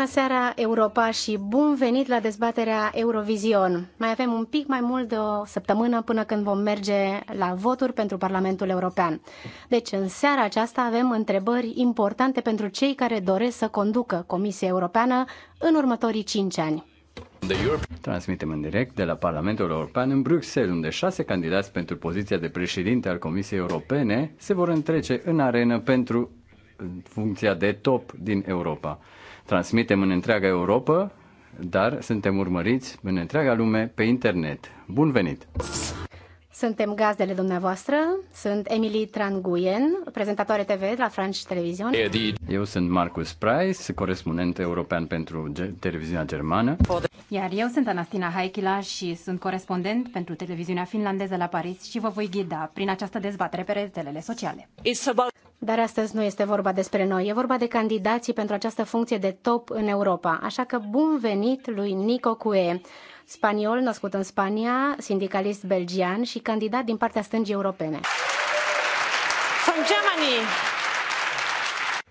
Bună seara, Europa, și bun venit la dezbaterea Eurovision. Mai avem un pic mai mult de o săptămână până când vom merge la voturi pentru Parlamentul European. Deci, în seara aceasta avem întrebări importante pentru cei care doresc să conducă Comisia Europeană în următorii cinci ani. Transmitem în direct de la Parlamentul European în Bruxelles, unde șase candidați pentru poziția de președinte al Comisiei Europene se vor întrece în arenă pentru funcția de top din Europa transmitem în întreaga Europa, dar suntem urmăriți în întreaga lume pe internet. Bun venit! Suntem gazdele dumneavoastră, sunt Emily Tranguyen, prezentatoare TV la French Television. Eu sunt Marcus Price, corespondent european pentru televiziunea germană. Iar eu sunt Anastina Haikila și sunt corespondent pentru televiziunea finlandeză la Paris și vă voi ghida prin această dezbatere pe rețelele sociale. Dar astăzi nu este vorba despre noi, e vorba de candidații pentru această funcție de top în Europa. Așa că bun venit lui Nico Cue, spaniol născut în Spania, sindicalist belgian și candidat din partea stângii europene. From Germany.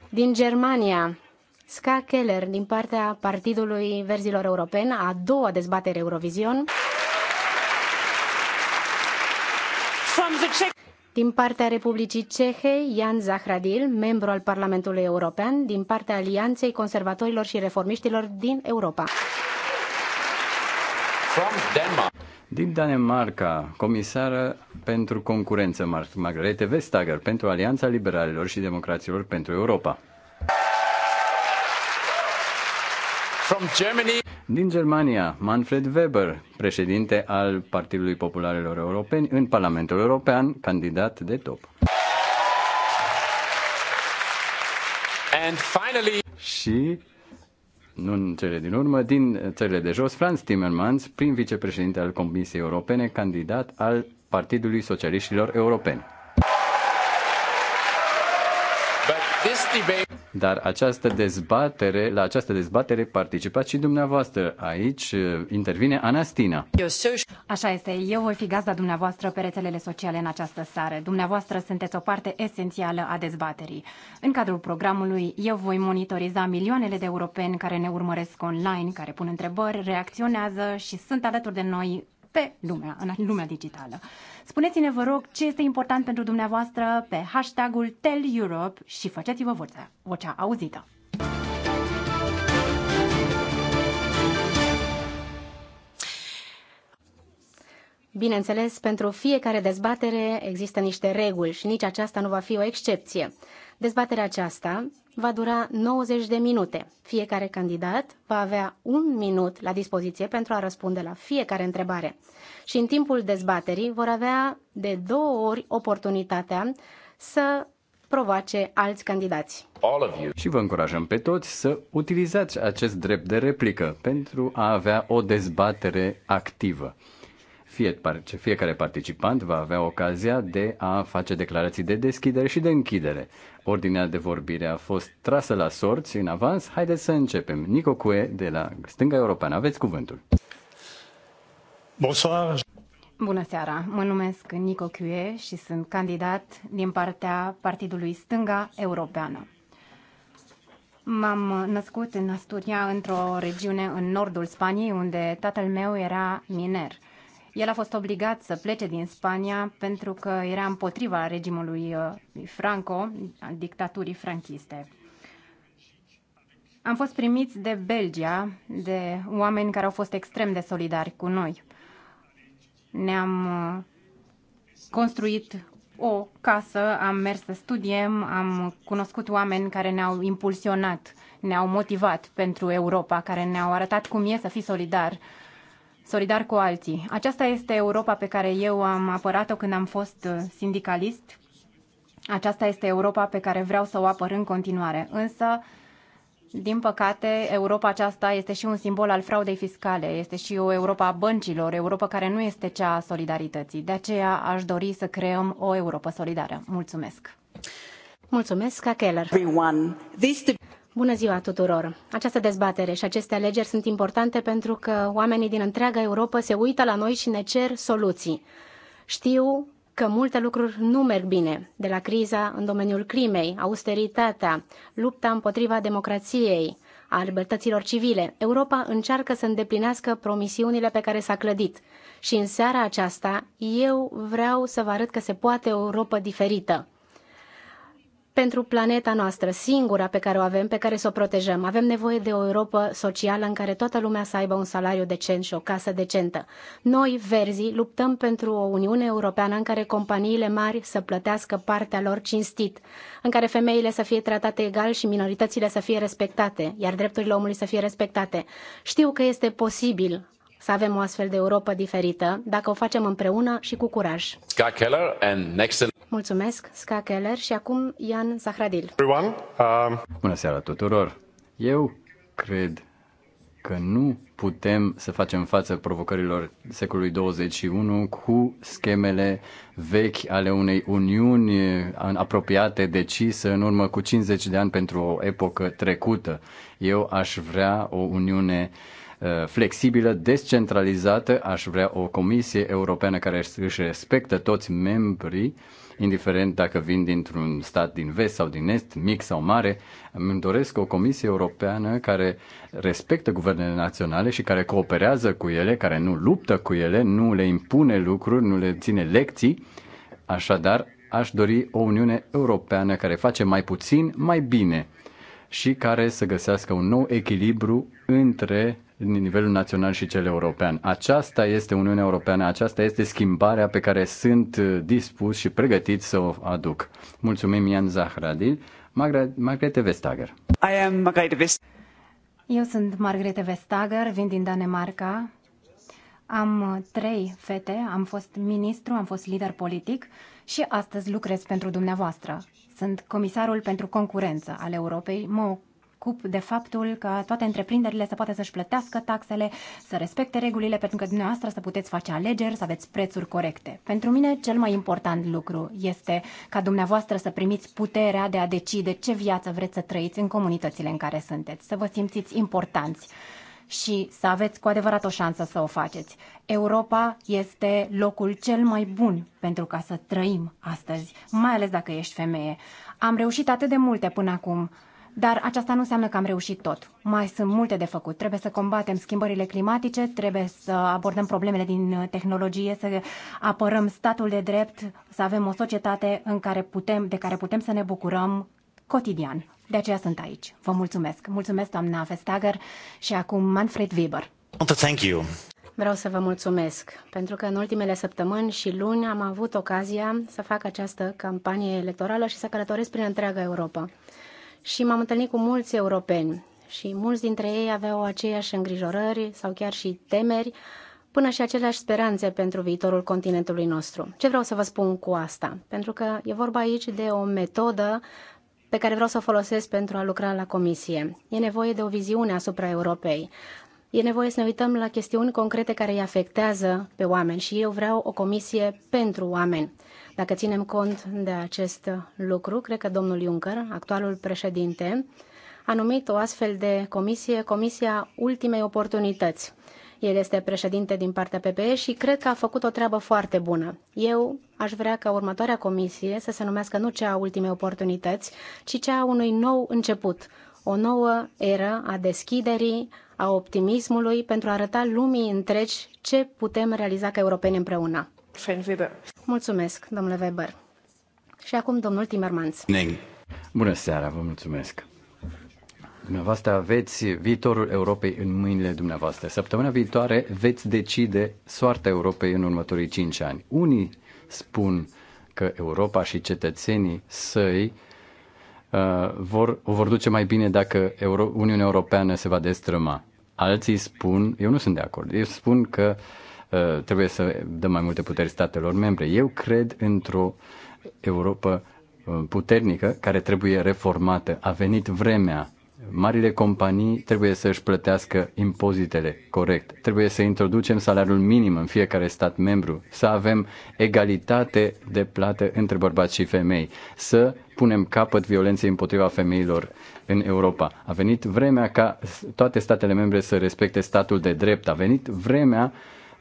Din Germania, Ska Keller din partea Partidului Verzilor Europeni, a doua dezbatere Eurovision. From the Czech. Din partea Republicii Cehe, Jan Zahradil, membru al Parlamentului European, din partea Alianței Conservatorilor și Reformiștilor din Europa. From Denmark. Din Danemarca, comisară pentru concurență Margrethe Vestager pentru Alianța Liberalilor și Democraților pentru Europa. From Germany. Din Germania, Manfred Weber, președinte al Partidului Popularelor Europeni în Parlamentul European, candidat de top. And finally... Și nu în cele din urmă, din țările de jos, Franz Timmermans, prim vicepreședinte al Comisiei Europene, candidat al Partidului Socialiștilor Europeni. Dar această dezbatere, la această dezbatere participați și dumneavoastră. Aici uh, intervine Anastina. Așa este, eu voi fi gazda dumneavoastră pe rețelele sociale în această seară. Dumneavoastră sunteți o parte esențială a dezbaterii. În cadrul programului, eu voi monitoriza milioanele de europeni care ne urmăresc online, care pun întrebări, reacționează și sunt alături de noi pe lumea, în lumea digitală. Spuneți-ne, vă rog, ce este important pentru dumneavoastră pe hashtagul Tell Europe și faceți-vă vocea, vocea auzită. Bineînțeles, pentru fiecare dezbatere există niște reguli și nici aceasta nu va fi o excepție. Dezbaterea aceasta va dura 90 de minute. Fiecare candidat va avea un minut la dispoziție pentru a răspunde la fiecare întrebare. Și în timpul dezbaterii vor avea de două ori oportunitatea să provoace alți candidați. Și vă încurajăm pe toți să utilizați acest drept de replică pentru a avea o dezbatere activă. Fie, fiecare participant va avea ocazia de a face declarații de deschidere și de închidere ordinea de vorbire a fost trasă la sorți în avans. Haideți să începem. Nico Cue de la Stânga Europeană. Aveți cuvântul. Bonsoir. Bună seara! Mă numesc Nico Cue și sunt candidat din partea Partidului Stânga Europeană. M-am născut în Asturia, într-o regiune în nordul Spaniei, unde tatăl meu era miner – el a fost obligat să plece din Spania pentru că era împotriva regimului uh, Franco, dictaturii franchiste. Am fost primiți de Belgia, de oameni care au fost extrem de solidari cu noi. Ne-am uh, construit o casă, am mers să studiem, am cunoscut oameni care ne-au impulsionat, ne-au motivat pentru Europa, care ne-au arătat cum e să fii solidar solidar cu alții. Aceasta este Europa pe care eu am apărat-o când am fost uh, sindicalist. Aceasta este Europa pe care vreau să o apăr în continuare. Însă, din păcate, Europa aceasta este și un simbol al fraudei fiscale, este și o Europa a băncilor, Europa care nu este cea a solidarității. De aceea aș dori să creăm o Europa solidară. Mulțumesc! Mulțumesc, Keller! Bună ziua tuturor! Această dezbatere și aceste alegeri sunt importante pentru că oamenii din întreaga Europa se uită la noi și ne cer soluții. Știu că multe lucruri nu merg bine, de la criza în domeniul crimei, austeritatea, lupta împotriva democrației, a libertăților civile. Europa încearcă să îndeplinească promisiunile pe care s-a clădit. Și în seara aceasta eu vreau să vă arăt că se poate o Europa diferită pentru planeta noastră, singura pe care o avem, pe care să o protejăm. Avem nevoie de o Europa socială în care toată lumea să aibă un salariu decent și o casă decentă. Noi, verzii, luptăm pentru o Uniune Europeană în care companiile mari să plătească partea lor cinstit, în care femeile să fie tratate egal și minoritățile să fie respectate, iar drepturile omului să fie respectate. Știu că este posibil să avem o astfel de Europa diferită, dacă o facem împreună și cu curaj. Ska Keller and next... Mulțumesc, Ska Keller și acum Ian Zahradil. Everyone, um... Bună seara tuturor! Eu cred că nu putem să facem față provocărilor secolului 21 cu schemele vechi ale unei uniuni uh, apropiate, decisă în urmă cu 50 de ani pentru o epocă trecută. Eu aș vrea o uniune uh, Uh, flexibilă, descentralizată. Aș vrea o comisie europeană care își respectă toți membrii, indiferent dacă vin dintr-un stat din vest sau din est, mic sau mare. Îmi doresc o comisie europeană care respectă guvernele naționale și care cooperează cu ele, care nu luptă cu ele, nu le impune lucruri, nu le ține lecții. Așadar, aș dori o Uniune Europeană care face mai puțin, mai bine și care să găsească un nou echilibru între din nivelul național și cel european. Aceasta este Uniunea Europeană, aceasta este schimbarea pe care sunt uh, dispus și pregătit să o aduc. Mulțumim, Ian Zahradil. Margrethe Vestager. I am Margrethe Vestager. Eu sunt Margrethe Vestager, vin din Danemarca. Am uh, trei fete, am fost ministru, am fost lider politic și astăzi lucrez pentru dumneavoastră. Sunt comisarul pentru concurență al Europei. Mă preocup de faptul că toate întreprinderile să poată să-și plătească taxele, să respecte regulile, pentru că dumneavoastră să puteți face alegeri, să aveți prețuri corecte. Pentru mine, cel mai important lucru este ca dumneavoastră să primiți puterea de a decide ce viață vreți să trăiți în comunitățile în care sunteți, să vă simțiți importanți și să aveți cu adevărat o șansă să o faceți. Europa este locul cel mai bun pentru ca să trăim astăzi, mai ales dacă ești femeie. Am reușit atât de multe până acum dar aceasta nu înseamnă că am reușit tot. Mai sunt multe de făcut. Trebuie să combatem schimbările climatice, trebuie să abordăm problemele din tehnologie, să apărăm statul de drept, să avem o societate în care putem, de care putem să ne bucurăm cotidian. De aceea sunt aici. Vă mulțumesc. Mulțumesc, doamna Vestager, și acum Manfred Weber. Thank you. Vreau să vă mulțumesc, pentru că în ultimele săptămâni și luni am avut ocazia să fac această campanie electorală și să călătoresc prin întreaga Europa și m-am întâlnit cu mulți europeni și mulți dintre ei aveau aceiași îngrijorări sau chiar și temeri, până și aceleași speranțe pentru viitorul continentului nostru. Ce vreau să vă spun cu asta? Pentru că e vorba aici de o metodă pe care vreau să o folosesc pentru a lucra la comisie. E nevoie de o viziune asupra Europei. E nevoie să ne uităm la chestiuni concrete care îi afectează pe oameni și eu vreau o comisie pentru oameni. Dacă ținem cont de acest lucru, cred că domnul Juncker, actualul președinte, a numit o astfel de comisie Comisia Ultimei Oportunități. El este președinte din partea PPE și cred că a făcut o treabă foarte bună. Eu aș vrea ca următoarea comisie să se numească nu cea a ultimei oportunități, ci cea a unui nou început, o nouă eră a deschiderii, a optimismului pentru a arăta lumii întregi ce putem realiza ca europeni împreună. Weber. Mulțumesc, domnule Weber. Și acum domnul Timmermans. Neng. Bună seara, vă mulțumesc. Dumneavoastră aveți viitorul Europei în mâinile dumneavoastră. Săptămâna viitoare veți decide soarta Europei în următorii cinci ani. Unii spun că Europa și cetățenii săi uh, vor, o vor duce mai bine dacă Euro- Uniunea Europeană se va destrăma. Alții spun, eu nu sunt de acord, eu spun că uh, Uh, trebuie să dăm mai multe puteri statelor membre. Eu cred într-o Europa uh, puternică care trebuie reformată. A venit vremea. Marile companii trebuie să își plătească impozitele corect. Trebuie să introducem salariul minim în fiecare stat membru, să avem egalitate de plată între bărbați și femei, să punem capăt violenței împotriva femeilor în Europa. A venit vremea ca toate statele membre să respecte statul de drept. A venit vremea uh,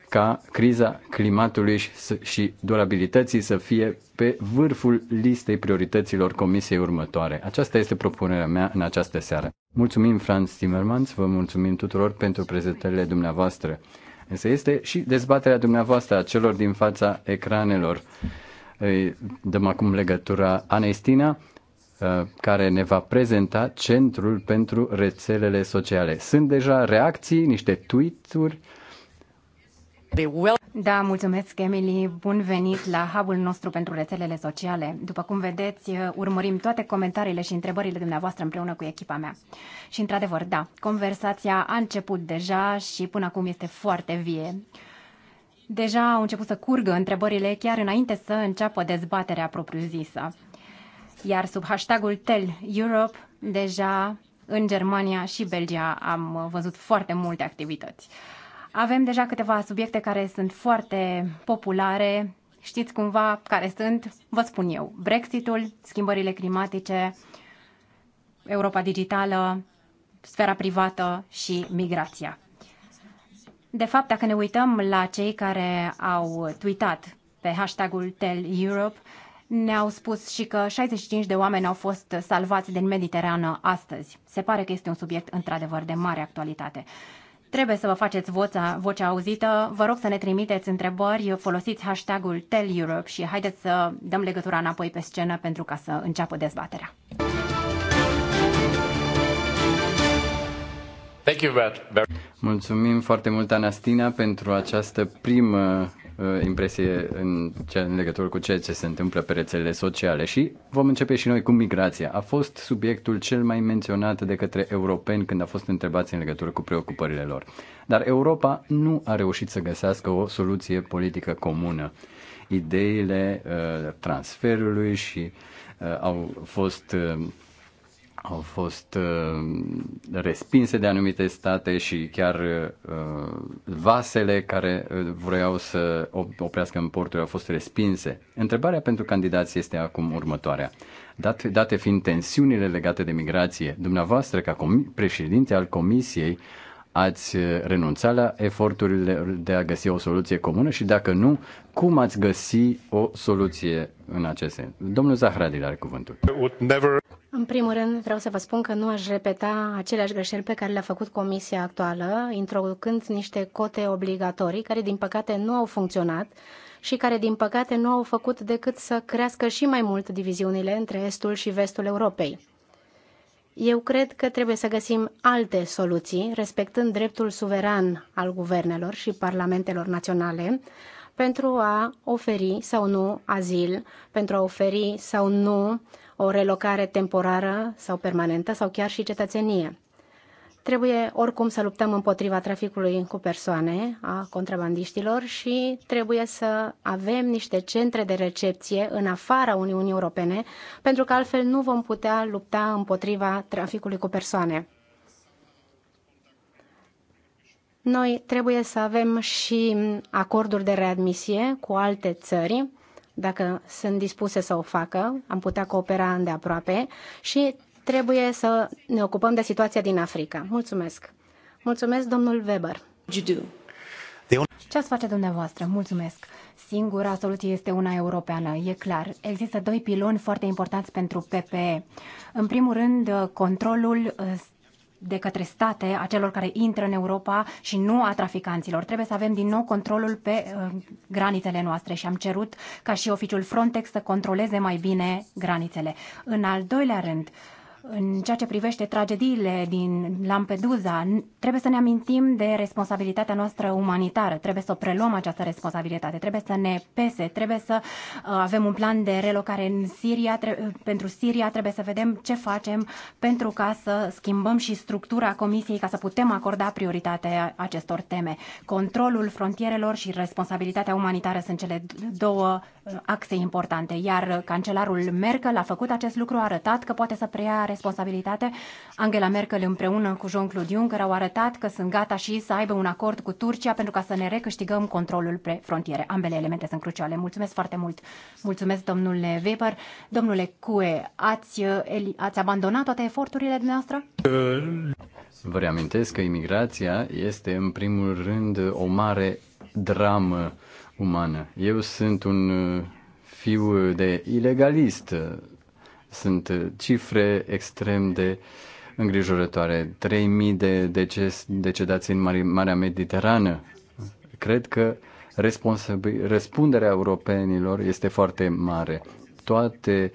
ca criza climatului și durabilității să fie pe vârful listei priorităților comisiei următoare. Aceasta este propunerea mea în această seară. Mulțumim, Franz Timmermans, vă mulțumim tuturor pentru prezentările dumneavoastră. Însă este și dezbaterea dumneavoastră a celor din fața ecranelor. Îi dăm acum legătura Anestina, uh, care ne va prezenta Centrul pentru Rețelele Sociale. Sunt deja reacții, niște tweet-uri, da, mulțumesc, Emily. Bun venit la hub-ul nostru pentru rețelele sociale. După cum vedeți, urmărim toate comentariile și întrebările dumneavoastră împreună cu echipa mea. Și, într-adevăr, da, conversația a început deja și până acum este foarte vie. Deja au început să curgă întrebările chiar înainte să înceapă dezbaterea propriu-zisă. Iar sub hashtagul Tell Europe, deja în Germania și Belgia am văzut foarte multe activități. Avem deja câteva subiecte care sunt foarte populare, știți cumva care sunt, vă spun eu, Brexitul, schimbările climatice, Europa digitală, sfera privată și migrația. De fapt, dacă ne uităm la cei care au tweetat pe hashtagul Tell Europe, ne-au spus și că 65 de oameni au fost salvați din Mediterană astăzi. Se pare că este un subiect într-adevăr de mare actualitate. Trebuie să vă faceți vocea, vocea auzită. Vă rog să ne trimiteți întrebări, folosiți hashtagul Tell Europe și haideți să dăm legătura înapoi pe scenă pentru ca să înceapă dezbaterea. Thank you, Bert. Mulțumim foarte mult, Anastina, pentru această primă uh, impresie în, ce, în legătură cu ceea ce se întâmplă pe rețelele sociale și vom începe și noi cu migrația. A fost subiectul cel mai menționat de către europeni când a fost întrebați în legătură cu preocupările lor. Dar Europa nu a reușit să găsească o soluție politică comună. Ideile uh, transferului și uh, au fost uh, au fost uh, respinse de anumite state și chiar uh, vasele care uh, vreau să oprească în porturi au fost respinse. Întrebarea pentru candidați este acum următoarea. dat date fiind tensiunile legate de migrație, dumneavoastră, ca președinte al Comisiei, uh, ați eh, renunțat la eforturile de a găsi o soluție comună și dacă nu, cum ați găsi o soluție în acest sens? Domnul Zahradil are cuvântul. În primul rând, vreau să vă spun că nu aș repeta aceleași greșeli pe care le-a făcut comisia actuală, introducând niște cote obligatorii, care din păcate nu au funcționat și care din păcate nu au făcut decât să crească și mai mult diviziunile între estul și vestul Europei. Eu cred că trebuie să găsim alte soluții, respectând dreptul suveran al guvernelor și parlamentelor naționale, pentru a oferi sau nu azil, pentru a oferi sau nu o relocare temporară sau permanentă sau chiar și cetățenie. Trebuie oricum să luptăm împotriva traficului cu persoane a contrabandiștilor și trebuie să avem niște centre de recepție în afara Uniunii Europene, pentru că altfel nu vom putea lupta împotriva traficului cu persoane. Noi trebuie să avem și acorduri de readmisie cu alte țări, dacă sunt dispuse să o facă, am putea coopera îndeaproape și trebuie să ne ocupăm de situația din Africa. Mulțumesc. Mulțumesc, domnul Weber. Ce ați face dumneavoastră? Mulțumesc. Singura soluție este una europeană, e clar. Există doi piloni foarte importanți pentru PPE. În primul rând, controlul uh, de către state a celor care intră în Europa și nu a traficanților. Trebuie să avem din nou controlul pe uh, granițele noastre și am cerut ca și oficiul Frontex să controleze mai bine granițele. În al doilea rând, în ceea ce privește tragediile din Lampedusa, trebuie să ne amintim de responsabilitatea noastră umanitară, trebuie să preluăm această responsabilitate, trebuie să ne pese, trebuie să uh, avem un plan de relocare în Siria, uh, pentru Siria trebuie să vedem ce facem pentru ca să schimbăm și structura Comisiei, ca să putem acorda prioritate acestor teme. Controlul frontierelor și responsabilitatea umanitară sunt cele două acte importante, iar cancelarul Merkel a făcut acest lucru, a arătat că poate să preia responsabilitate. Angela Merkel împreună cu Jean-Claude Juncker au arătat că sunt gata și să aibă un acord cu Turcia pentru ca să ne recâștigăm controlul pe frontiere. Ambele elemente sunt cruciale. Mulțumesc foarte mult. Mulțumesc, domnule Weber. Domnule Cue, ați, ați abandonat toate eforturile dumneavoastră? Vă reamintesc că imigrația este în primul rând o mare dramă umană. Eu sunt un uh, fiu de ilegalist. Sunt uh, cifre extrem de îngrijorătoare. 3.000 de deces, decedați în Marea Mediterană. Cred că răspunderea europenilor este foarte mare. Toate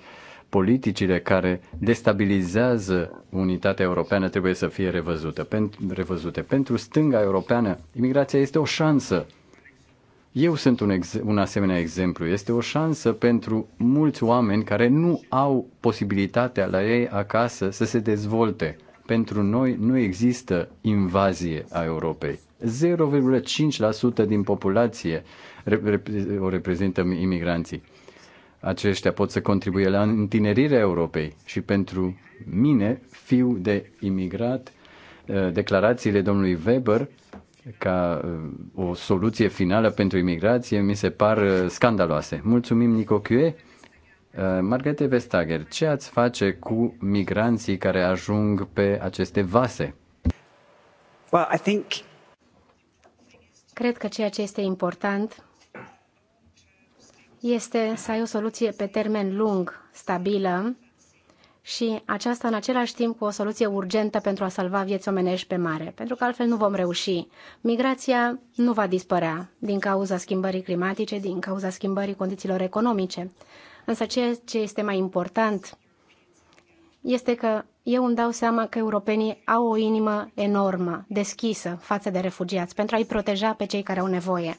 politicile care destabilizează unitatea europeană trebuie să fie revăzute. Pentru, revăzute. Pentru stânga europeană, imigrația este o șansă eu sunt un, ex- un asemenea exemplu. Este o șansă pentru mulți oameni care nu au posibilitatea la ei acasă să se dezvolte. Pentru noi nu există invazie a Europei. 0,5% din populație o reprezintă imigranții. Aceștia pot să contribuie la întinerirea Europei și pentru mine, fiu de imigrat, eh, declarațiile domnului Weber ca uh, o soluție finală pentru imigrație mi se par uh, scandaloase. Mulțumim, Nico Chue. Uh, Margarete Vestager, ce ați face cu migranții care ajung pe aceste vase? Well, I think... Cred că ceea ce este important este să ai o soluție pe termen lung, stabilă, și aceasta în același timp cu o soluție urgentă pentru a salva vieți omenești pe mare, pentru că altfel nu vom reuși. Migrația nu va dispărea din cauza schimbării climatice, din cauza schimbării condițiilor economice. Însă ceea ce este mai important este că eu îmi dau seama că europenii au o inimă enormă, deschisă față de refugiați, pentru a-i proteja pe cei care au nevoie.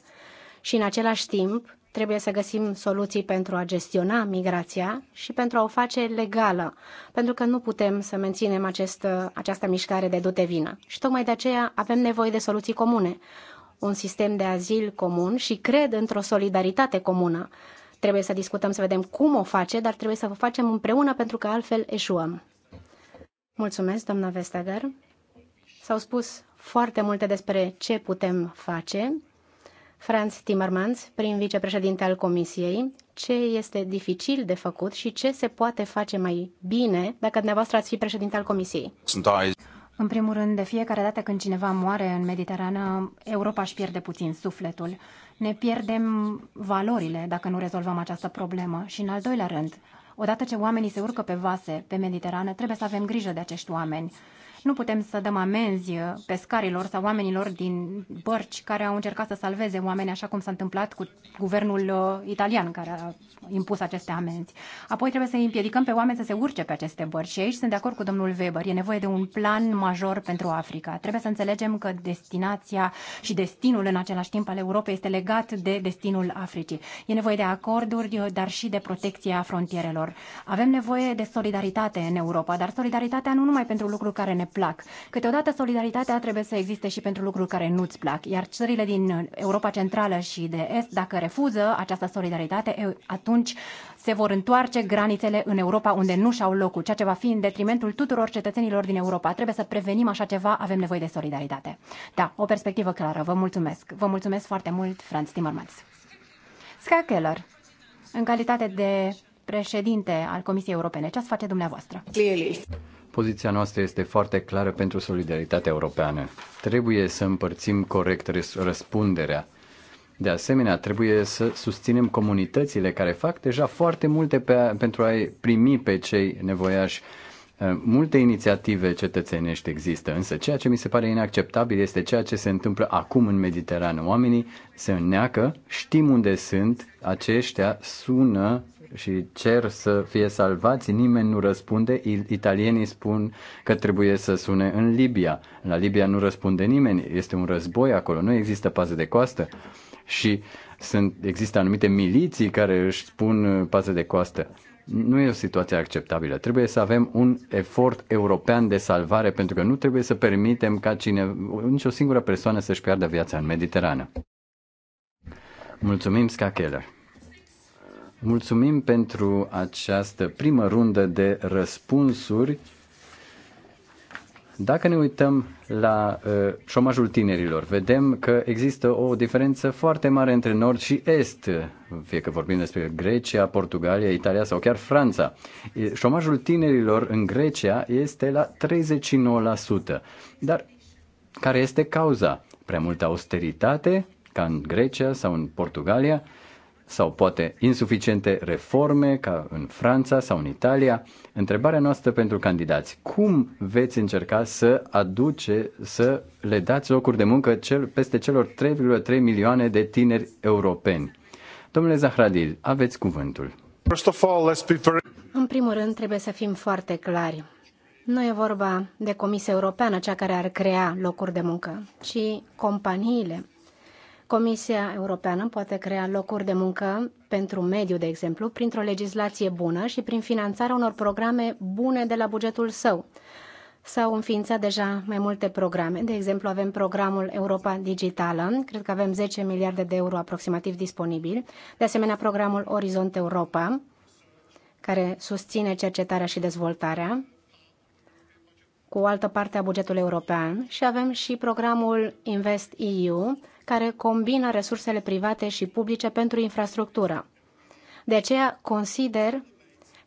Și în același timp, Trebuie să găsim soluții pentru a gestiona migrația și pentru a o face legală, pentru că nu putem să menținem acest, această mișcare de dute vină. Și tocmai de aceea avem nevoie de soluții comune, un sistem de azil comun și cred într-o solidaritate comună. Trebuie să discutăm, să vedem cum o face, dar trebuie să o facem împreună pentru că altfel eșuăm. Mulțumesc, doamna Vestager. S-au spus foarte multe despre ce putem face Franz Timmermans, prim vicepreședinte al Comisiei, ce este dificil de făcut și ce se poate face mai bine dacă dumneavoastră ați fi președinte al Comisiei. În primul rând, de fiecare dată când cineva moare în Mediterană, Europa își pierde puțin sufletul. Ne pierdem valorile dacă nu rezolvăm această problemă. Și în al doilea rând, odată ce oamenii se urcă pe vase, pe Mediterană, trebuie să avem grijă de acești oameni. Nu putem să dăm amenzi pescarilor sau oamenilor din bărci care au încercat să salveze oameni, așa cum s-a întâmplat cu guvernul uh, italian care a impus aceste amenzi. Apoi trebuie să îi împiedicăm pe oameni să se urce pe aceste bărci și aici sunt de acord cu domnul Weber. E nevoie de un plan major pentru Africa. Trebuie să înțelegem că destinația și destinul în același timp al Europei este legat de destinul Africii. E nevoie de acorduri, uh, dar și de protecția frontierelor. Avem nevoie de solidaritate în Europa, dar solidaritatea nu numai pentru lucruri care ne plac. Câteodată solidaritatea trebuie să existe și pentru lucruri care nu-ți plac, iar țările din Europa Centrală și de Est, dacă refuză această solidaritate, atunci se vor întoarce granițele în Europa unde nu și-au locul, ceea ce va fi în detrimentul tuturor cetățenilor din Europa. Trebuie să prevenim așa ceva, avem nevoie de solidaritate. Da, o perspectivă clară. Vă mulțumesc. Vă mulțumesc foarte mult, Franz Timmermans. Ska Keller, în calitate de președinte al Comisiei Europene, ce ați face dumneavoastră? Clearly. Poziția noastră este foarte clară pentru solidaritatea europeană. Trebuie să împărțim corect răspunderea. De asemenea, trebuie să susținem comunitățile care fac deja foarte multe pe, pentru a-i primi pe cei nevoiași. Uh, multe inițiative cetățenești există, însă ceea ce mi se pare inacceptabil este ceea ce se întâmplă acum în Mediterană. Oamenii se înneacă, știm unde sunt, aceștia sună și cer să fie salvați, nimeni nu răspunde. Italienii spun că trebuie să sune în Libia. La Libia nu răspunde nimeni, este un război acolo, nu există pază de coastă. Și sunt, există anumite miliții care își spun uh, pază de coastă. Nu e o situație acceptabilă. Trebuie să avem un efort european de salvare, pentru că nu trebuie să permitem ca cine, nicio singură persoană să-și piardă viața în Mediterană. Mulțumim, Ska Keller. Mulțumim pentru această primă rundă de răspunsuri. Dacă ne uităm la uh, șomajul tinerilor, vedem că există o diferență foarte mare între nord și est, fie că vorbim despre Grecia, Portugalia, Italia sau chiar Franța. Șomajul tinerilor în Grecia este la 39%. Dar care este cauza? Prea multă austeritate, ca în Grecia sau în Portugalia? Uh, sau poate insuficiente reforme, ca în Franța sau în Italia. Întrebarea noastră pentru candidați, cum veți încerca să aduce, să le dați locuri de muncă cel, peste celor 3,3 milioane de tineri europeni? Domnule Zahradil, aveți cuvântul. În primul rând, trebuie să fim foarte clari. Nu e vorba de Comisia Europeană, cea care ar crea locuri de muncă, ci companiile Comisia Europeană poate crea locuri de muncă pentru mediu, de exemplu, printr-o legislație bună și prin finanțarea unor programe bune de la bugetul său. S-au înființat deja mai multe programe. De exemplu, avem programul Europa Digitală. Cred că avem 10 miliarde de euro aproximativ disponibili. De asemenea, programul Orizont Europa, care susține cercetarea și dezvoltarea cu o altă parte a bugetului european și avem și programul Invest EU, care combină resursele private și publice pentru infrastructură. De aceea consider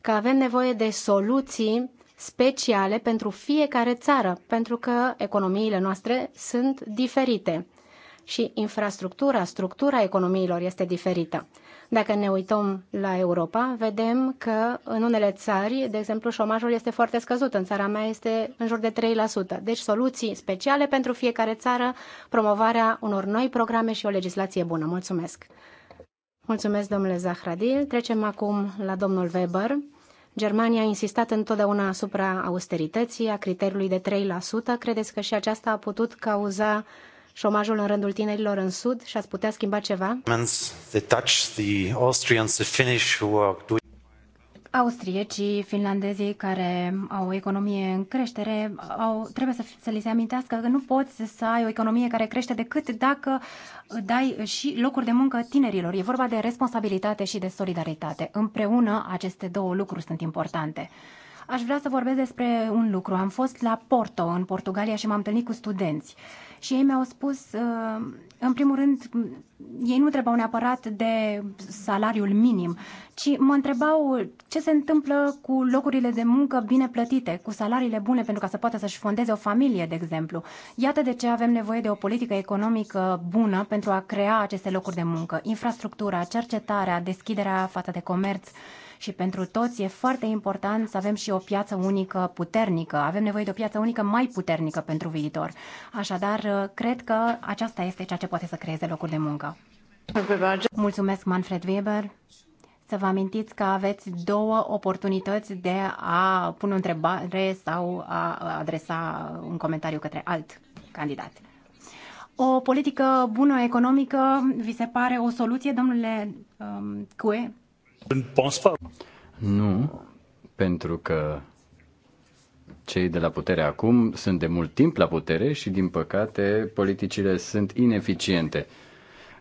că avem nevoie de soluții speciale pentru fiecare țară, pentru că economiile noastre sunt diferite și infrastructura, structura economiilor este diferită. Dacă ne uităm la Europa, vedem că în unele țări, de exemplu, șomajul este foarte scăzut. În țara mea este în jur de 3%. Deci soluții speciale pentru fiecare țară, promovarea unor noi programe și o legislație bună. Mulțumesc! Mulțumesc, domnule Zahradil. Trecem acum la domnul Weber. Germania a insistat întotdeauna asupra austerității, a criteriului de 3%. Credeți că și aceasta a putut cauza șomajul în rândul tinerilor în Sud și ați putea schimba ceva? Austriecii, finlandezii care au o economie în creștere, au, trebuie să, să li se amintească că nu poți să ai o economie care crește decât dacă dai și locuri de muncă tinerilor. E vorba de responsabilitate și de solidaritate. Împreună, aceste două lucruri sunt importante. Aș vrea să vorbesc despre un lucru. Am fost la Porto, în Portugalia, și m-am întâlnit cu studenți. Uh, și ei mi-au spus, uh, în primul rând, ei nu întrebau neapărat de salariul minim, ci mă întrebau ce se întâmplă cu locurile de muncă bine plătite, cu salariile bune pentru ca să poată să-și fondeze o familie, de exemplu. Iată de ce avem nevoie de o politică economică bună pentru a crea aceste locuri de muncă, infrastructura, cercetarea, deschiderea față de comerț, și pentru toți e foarte important să avem și o piață unică puternică. Avem nevoie de o piață unică mai puternică pentru viitor. Așadar, cred că aceasta este ceea ce poate să creeze locuri de muncă. Mulțumesc, Manfred Weber. Să vă amintiți că aveți două oportunități de a pune o întrebare sau a adresa un comentariu către alt candidat. O politică bună economică vi se pare o soluție, domnule um, Cue? Nu, pentru că cei de la putere acum sunt de mult timp la putere și, din păcate, politicile sunt ineficiente.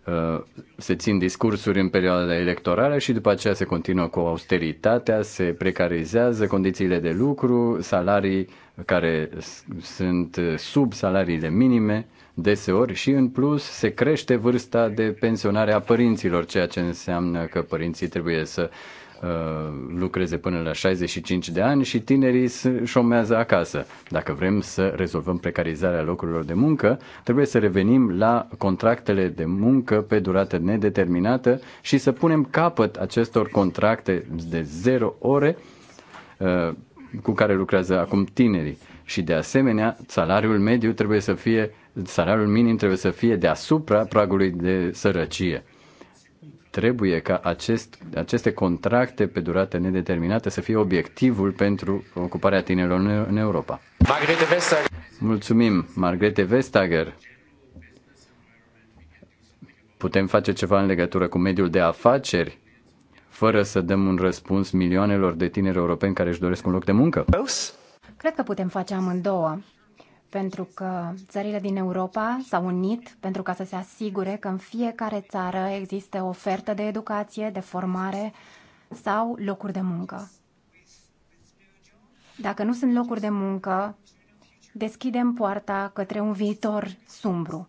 Uh, se țin discursuri în perioada electorală și după aceea se continuă cu austeritatea, se precarizează condițiile de lucru, salarii care sunt sub salariile minime deseori și în plus se crește vârsta de pensionare a părinților, ceea ce înseamnă că părinții trebuie să uh, lucreze până la 65 de ani și tinerii șomează acasă. Dacă vrem să rezolvăm precarizarea locurilor de muncă, trebuie să revenim la contractele de muncă pe durată nedeterminată și să punem capăt acestor contracte de 0 ore uh, cu care lucrează acum tinerii. Și de asemenea, salariul mediu trebuie să fie salariul minim trebuie să fie deasupra pragului de sărăcie. Trebuie ca acest, aceste contracte pe durată nedeterminată să fie obiectivul pentru ocuparea tinerilor în Europa. Margrete Vestager. Mulțumim, Margrete Vestager. Putem face ceva în legătură cu mediul de afaceri fără să dăm un răspuns milioanelor de tineri europeni care își doresc un loc de muncă? Cred că putem face amândouă pentru că țările din Europa s-au unit pentru ca să se asigure că în fiecare țară există ofertă de educație, de formare sau locuri de muncă. Dacă nu sunt locuri de muncă, deschidem poarta către un viitor sumbru.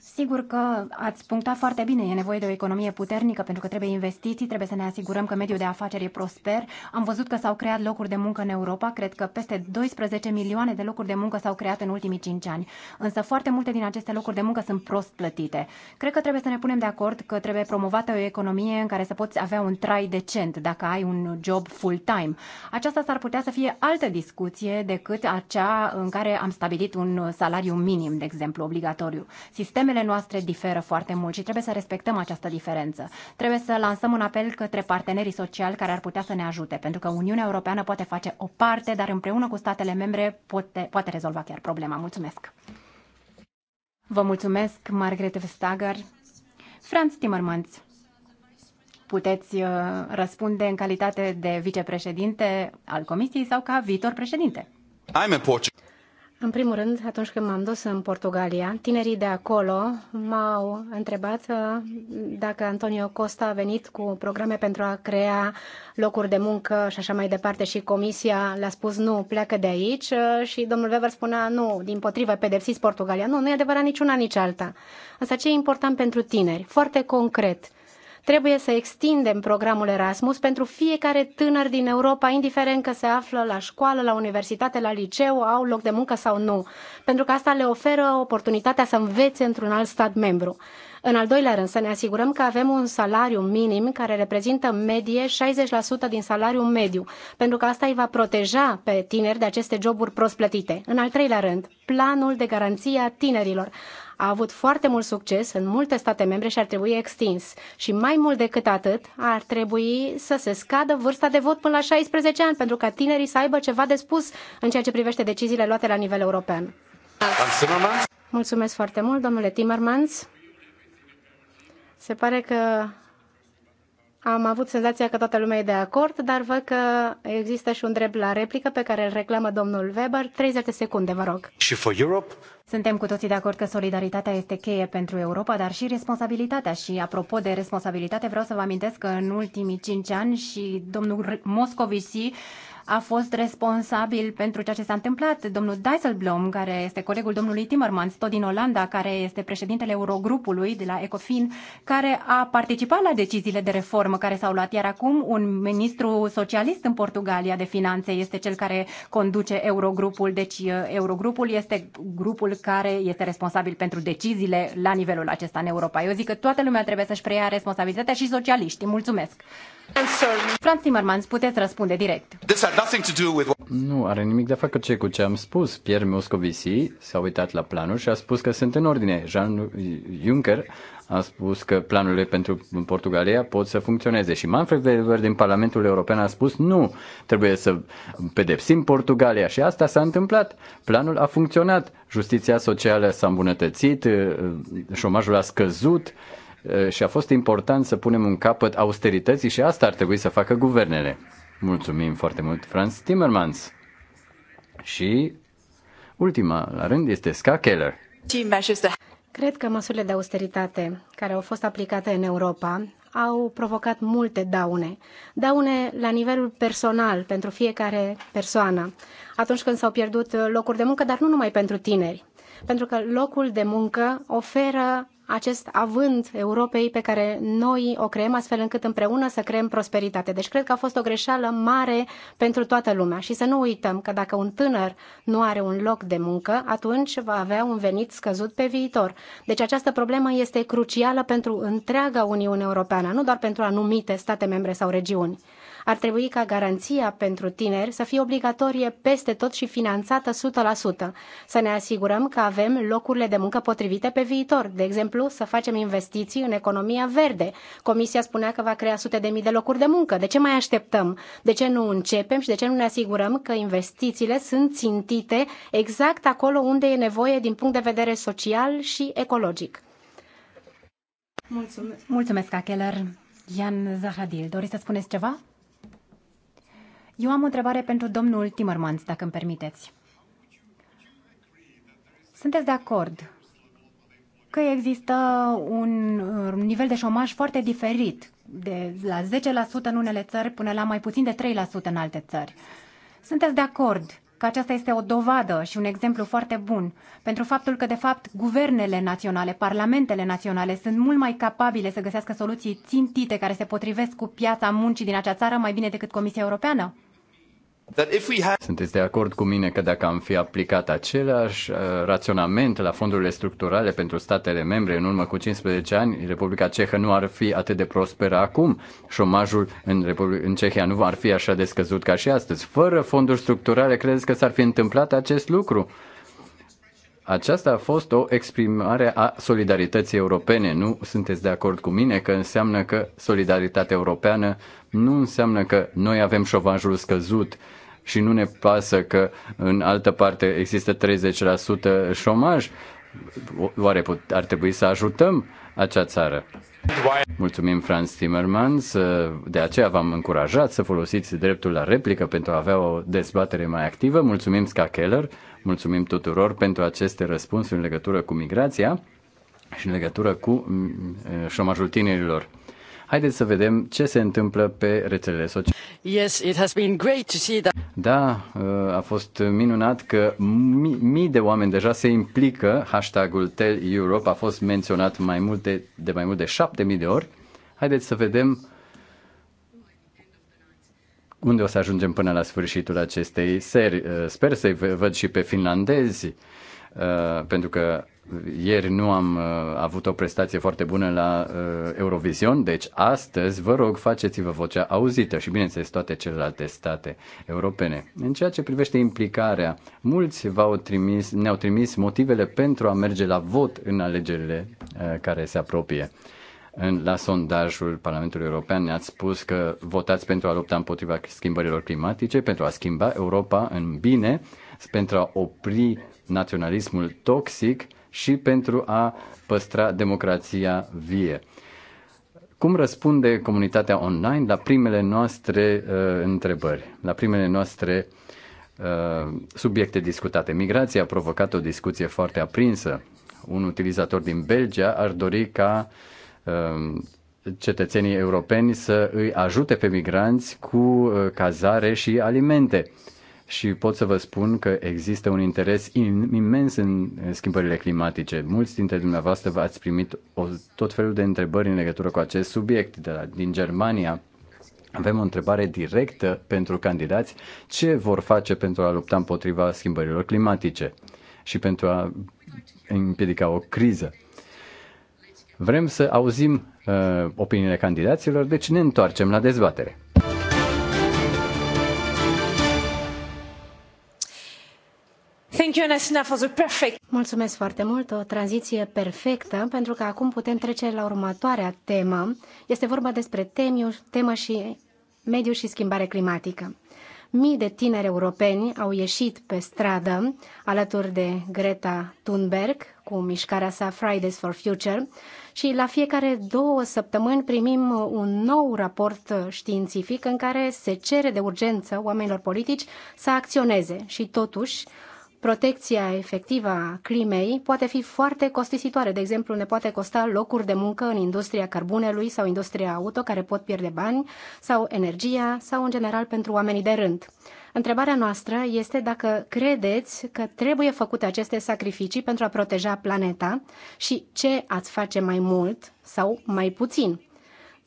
Sigur că ați punctat foarte bine, e nevoie de o economie puternică pentru că trebuie investiții, trebuie să ne asigurăm că mediul de afaceri e prosper. Am văzut că s-au creat locuri de muncă în Europa, cred că peste 12 milioane de locuri de muncă s-au creat în ultimii 5 ani, însă foarte multe din aceste locuri de muncă sunt prost plătite. Cred că trebuie să ne punem de acord că trebuie promovată o economie în care să poți avea un trai decent dacă ai un job full-time. Aceasta s-ar putea să fie altă discuție decât acea în care am stabilit un salariu minim, de exemplu, obligatoriu. Sistem problemele noastre diferă foarte mult și trebuie să respectăm această diferență. Trebuie să lansăm un apel către partenerii sociali care ar putea să ne ajute, pentru că Uniunea Europeană poate face o parte, dar împreună cu statele membre poate, poate rezolva chiar problema. Mulțumesc! Vă mulțumesc, Margrethe Vestager. Franz Timmermans, puteți uh, răspunde în calitate de vicepreședinte al Comisiei sau ca viitor președinte. I'm a în primul rând, atunci când m-am dus în Portugalia, tinerii de acolo m-au întrebat uh, dacă Antonio Costa a venit cu programe pentru a crea locuri de muncă și așa mai departe și comisia le-a spus nu, pleacă de aici uh, și domnul Weber spunea nu, din potrivă, pedepsiți Portugalia. Nu, nu e adevărat niciuna, nici alta. Asta ce e important pentru tineri? Foarte concret – Trebuie să extindem programul Erasmus pentru fiecare tânăr din Europa, indiferent că se află la școală, la universitate, la liceu, au loc de muncă sau nu, pentru că asta le oferă oportunitatea să învețe într-un alt stat membru. În al doilea rând, să ne asigurăm că avem un salariu minim care reprezintă în medie 60% din salariul mediu, pentru că asta îi va proteja pe tineri de aceste joburi prost plătite. În al treilea rând, planul de garanție a tinerilor a avut foarte mult succes în multe state membre și ar trebui extins. Și mai mult decât atât, ar trebui să se scadă vârsta de vot până la 16 ani, pentru ca tinerii să aibă ceva de spus în ceea ce privește deciziile luate la nivel european. Mulțumesc foarte mult, domnule Timmermans. Se pare că am avut senzația că toată lumea e de acord, dar văd că există și un drept la replică pe care îl reclamă domnul Weber. 30 de secunde, vă rog. Și for Europe? Suntem cu toții de acord că solidaritatea este cheie pentru Europa, dar și responsabilitatea. Și apropo de responsabilitate, vreau să vă amintesc că în ultimii cinci ani și domnul Moscovici a fost responsabil pentru ceea ce s-a întâmplat. Domnul Dijsselbloem, care este colegul domnului Timmermans, tot din Olanda, care este președintele Eurogrupului de la Ecofin, care a participat la deciziile de reformă care s-au luat, iar acum un ministru socialist în Portugalia de finanțe este cel care conduce Eurogrupul. Deci eh, Eurogrupul este grupul care este responsabil pentru deciziile la nivelul acesta în Europa. Eu zic că toată lumea trebuie să-și preia responsabilitatea și socialiștii. Mulțumesc! Franz Timmermans, puteți răspunde direct. Nu are nimic de a face ce cu ce am spus. Pierre Moscovici s-a uitat la planul și a spus că sunt în ordine. Jean Juncker a spus că planurile pentru Portugalia pot să funcționeze și Manfred Weber din Parlamentul European a spus nu, trebuie să pedepsim Portugalia și asta s-a întâmplat. Planul a funcționat, justiția socială s-a îmbunătățit, eh, eh, șomajul a scăzut, Eh, și a fost important să punem un capăt austerității și asta ar trebui să facă guvernele. Mulțumim foarte mult, Franz Timmermans. Și ultima, la rând, este Ska Keller. Cred că măsurile de austeritate care au fost aplicate în Europa au provocat multe daune. Daune la nivelul personal, pentru fiecare persoană, atunci când s-au pierdut locuri de muncă, dar nu numai pentru tineri. Pentru că locul de muncă oferă acest având Europei pe care noi o creăm astfel încât împreună să creăm prosperitate. Deci cred că a fost o greșeală mare pentru toată lumea și să nu uităm că dacă un tânăr nu are un loc de muncă, atunci va avea un venit scăzut pe viitor. Deci această problemă este crucială pentru întreaga Uniune Europeană, nu doar pentru anumite state membre sau regiuni. Ar trebui ca garanția pentru tineri să fie obligatorie peste tot și finanțată 100%. Să ne asigurăm că avem locurile de muncă potrivite pe viitor. De exemplu, să facem investiții în economia verde. Comisia spunea că va crea sute de mii de locuri de muncă. De ce mai așteptăm? De ce nu începem și de ce nu ne asigurăm că investițiile sunt țintite exact acolo unde e nevoie din punct de vedere social și ecologic? Mulțumesc, Mulțumesc Acheler. Ian Zahadil, doriți să spuneți ceva? Eu am o întrebare pentru domnul Timmermans, dacă îmi permiteți. Sunteți de acord că există un nivel de șomaj foarte diferit, de la 10% în unele țări până la mai puțin de 3% în alte țări. Sunteți de acord că aceasta este o dovadă și un exemplu foarte bun pentru faptul că, de fapt, guvernele naționale, parlamentele naționale sunt mult mai capabile să găsească soluții țintite care se potrivesc cu piața muncii din acea țară mai bine decât Comisia Europeană? Sunteți de acord cu mine că dacă am fi aplicat același uh, raționament la fondurile structurale pentru statele membre în urmă cu 15 ani, Republica Cehă nu ar fi atât de prosperă acum. Șomajul în, Republic- în Cehia nu ar fi așa de scăzut ca și astăzi. Fără fonduri structurale, credeți că s-ar fi întâmplat acest lucru? Aceasta a fost o exprimare a solidarității europene. Nu sunteți de acord cu mine că înseamnă că solidaritatea europeană nu înseamnă că noi avem șovajul scăzut și nu ne pasă că în altă parte există 30% șomaj. Oare put, ar trebui să ajutăm acea țară? Mulțumim, Franz Timmermans. De aceea v-am încurajat să folosiți dreptul la replică pentru a avea o dezbatere mai activă. Mulțumim, Ska Keller. Mulțumim tuturor pentru aceste răspunsuri în legătură cu migrația și în legătură cu mm, eh, șomajul tinerilor. Haideți să vedem ce se întâmplă pe rețelele sociale. Yes, it has been great to see that. Da, uh, a fost minunat că mii, de oameni deja se implică. Hashtagul Tell Europe a fost menționat mai multe de, mai mult de mii de ori. Haideți să vedem unde o să ajungem până la sfârșitul acestei seri. Uh, sper să-i văd și pe finlandezi, uh, pentru că ieri nu am uh, avut o prestație foarte bună la uh, Eurovision, deci astăzi vă rog faceți-vă vocea auzită și bineînțeles toate celelalte state europene. În ceea ce privește implicarea, mulți v-au trimis, ne-au trimis motivele pentru a merge la vot în alegerile uh, care se apropie. În, la sondajul Parlamentului European ne-ați spus că votați pentru a lupta împotriva schimbărilor climatice, pentru a schimba Europa în bine, pentru a opri naționalismul toxic și pentru a păstra democrația vie. Cum răspunde comunitatea online la primele noastre uh, întrebări, la primele noastre uh, subiecte discutate? Migrația a provocat o discuție foarte aprinsă. Un utilizator din Belgia ar dori ca uh, cetățenii europeni să îi ajute pe migranți cu uh, cazare și alimente și pot să vă spun că există un interes imens în schimbările climatice. Mulți dintre dumneavoastră v-ați primit o, tot felul de întrebări în legătură cu acest subiect de la, din Germania. Avem o întrebare directă pentru candidați. Ce vor face pentru a lupta împotriva schimbărilor climatice și pentru a împiedica o criză? Vrem să auzim uh, opiniile candidaților, deci ne întoarcem la dezbatere. Thank you, for the perfect. Mulțumesc foarte mult, o tranziție perfectă, pentru că acum putem trece la următoarea temă. Este vorba despre temiu, temă și mediu și schimbare climatică. Mii de tineri europeni au ieșit pe stradă alături de Greta Thunberg cu mișcarea sa Fridays for Future și la fiecare două săptămâni primim un nou raport științific în care se cere de urgență oamenilor politici să acționeze și totuși protecția efectivă a climei poate fi foarte costisitoare. De exemplu, ne poate costa locuri de muncă în industria carbunelui sau industria auto care pot pierde bani sau energia sau în general pentru oamenii de rând. Întrebarea noastră este dacă credeți că trebuie făcute aceste sacrificii pentru a proteja planeta și ce ați face mai mult sau mai puțin.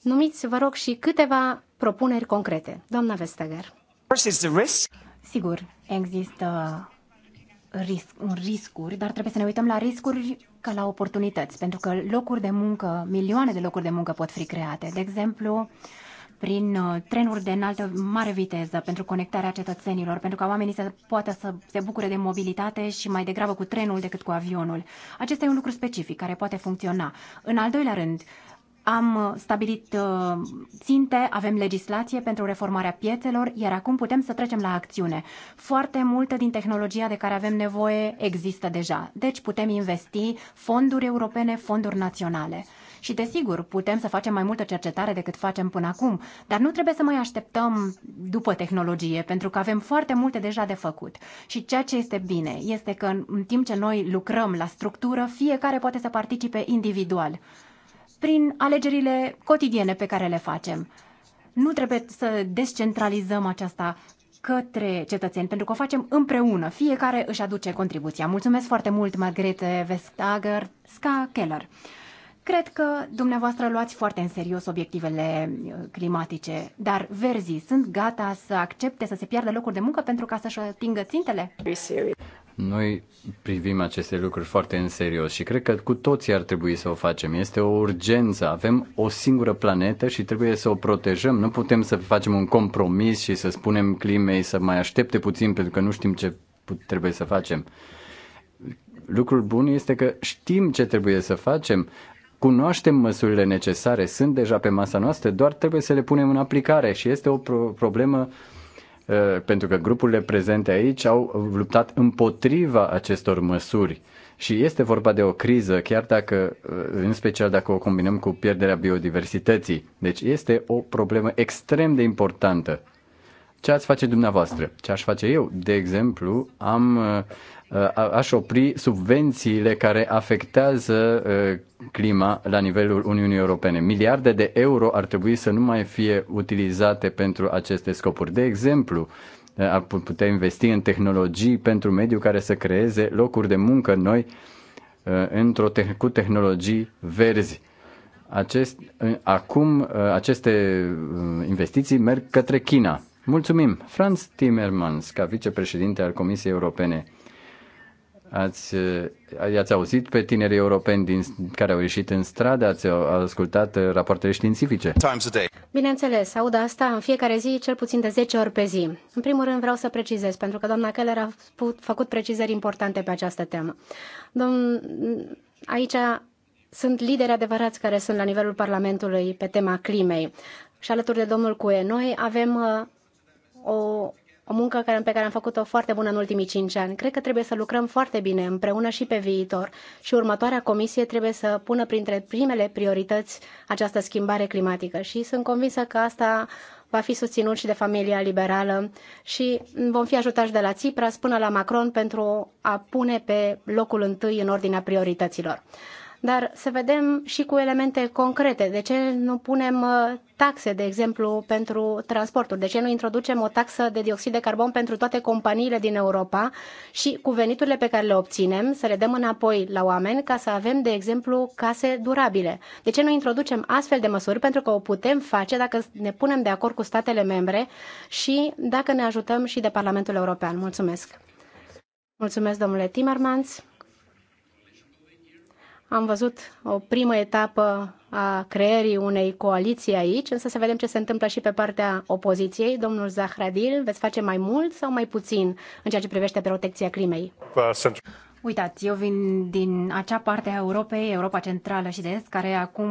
Numiți, vă rog, și câteva propuneri concrete. Doamna Vestager. Sigur, există risc, riscuri, dar trebuie să ne uităm la riscuri ca la oportunități, pentru că locuri de muncă, milioane de locuri de muncă pot fi create. De exemplu, prin uh, trenuri de înaltă mare viteză pentru conectarea cetățenilor, pentru ca oamenii să poată să se bucure de mobilitate și mai degrabă cu trenul decât cu avionul. Acesta e un lucru specific care poate funcționa. În al doilea rând, am uh, stabilit uh, ținte, avem legislație pentru reformarea piețelor, iar acum putem să trecem la acțiune. Foarte multă din tehnologia de care avem nevoie există deja, deci putem investi fonduri europene, fonduri naționale. Și desigur, putem să facem mai multă cercetare decât facem până acum, dar nu trebuie să mai așteptăm după tehnologie, pentru că avem foarte multe deja de făcut. Și ceea ce este bine este că în timp ce noi lucrăm la structură, fiecare poate să participe individual prin alegerile cotidiene pe care le facem. Nu trebuie să descentralizăm aceasta către cetățeni, pentru că o facem împreună. Fiecare își aduce contribuția. Mulțumesc foarte mult, Margrethe Vestager, Ska Keller. Cred că dumneavoastră luați foarte în serios obiectivele uh, climatice, dar verzii sunt gata să accepte să se piardă locuri de muncă pentru ca să-și atingă țintele? Noi privim aceste lucruri foarte în serios și cred că cu toții ar trebui să o facem. Este o urgență. Avem o singură planetă și trebuie să o protejăm. Nu putem să facem un compromis și să spunem climei să mai aștepte puțin pentru că nu știm ce trebuie să facem. Lucrul bun este că știm ce trebuie să facem, cunoaștem măsurile necesare, sunt deja pe masa noastră, doar trebuie să le punem în aplicare și este o pro- problemă uh, Eh, pentru că grupurile prezente aici au luptat împotriva acestor măsuri. Și este vorba de o criză, chiar dacă, eh, în special dacă o combinăm cu pierderea biodiversității. Deci este o problemă extrem de importantă. Ce ați face dumneavoastră? Ce aș face eu? De exemplu, am eh, Uh, aș opri subvențiile care afectează uh, clima la nivelul Uniunii Europene. Miliarde de euro ar trebui să nu mai fie utilizate pentru aceste scopuri. De exemplu, uh, ar putea investi în tehnologii pentru mediu care să creeze locuri de muncă noi într-o te- cu tehnologii verzi. Acest, acum aceste investiții merg către China. Mulțumim, Franz Timmermans, ca vicepreședinte al Comisiei Europene. Ați, eh, ați auzit pe tinerii europeni din, care au ieșit în stradă, ați ascultat eh, rapoartele științifice? Times a day. Bineînțeles, aud asta în fiecare zi, cel puțin de 10 ori pe zi. În primul rând vreau să precizez, pentru că doamna Keller a făcut precizări importante pe această temă. Domn, aici sunt lideri adevărați care sunt la nivelul Parlamentului pe tema climei. Și alături de domnul Cue, noi avem eh, o o muncă care, pe care am făcut-o foarte bună în ultimii cinci ani. Cred că trebuie să lucrăm foarte bine împreună și pe viitor și următoarea comisie trebuie să pună printre primele priorități această schimbare climatică și sunt convinsă că asta va fi susținut și de familia liberală și vom fi ajutați de la Tsipras până la Macron pentru a pune pe locul întâi în ordinea priorităților dar să vedem și cu elemente concrete. De ce nu punem uh, taxe, de exemplu, pentru transporturi? De ce nu introducem o taxă de dioxid de carbon pentru toate companiile din Europa și cu veniturile pe care le obținem să le dăm înapoi la oameni ca să avem, de exemplu, case durabile? De ce nu introducem astfel de măsuri? Pentru că o putem face dacă ne punem de acord cu statele membre și dacă ne ajutăm și de Parlamentul European. Mulțumesc! Mulțumesc, domnule Timmermans. Am văzut o primă etapă a creării unei coaliții aici, însă să vedem ce se întâmplă și pe partea opoziției. Domnul Zahradil, veți face mai mult sau mai puțin în ceea ce privește protecția crimei? Uitați, eu vin din acea parte a Europei, Europa Centrală și de Est, care acum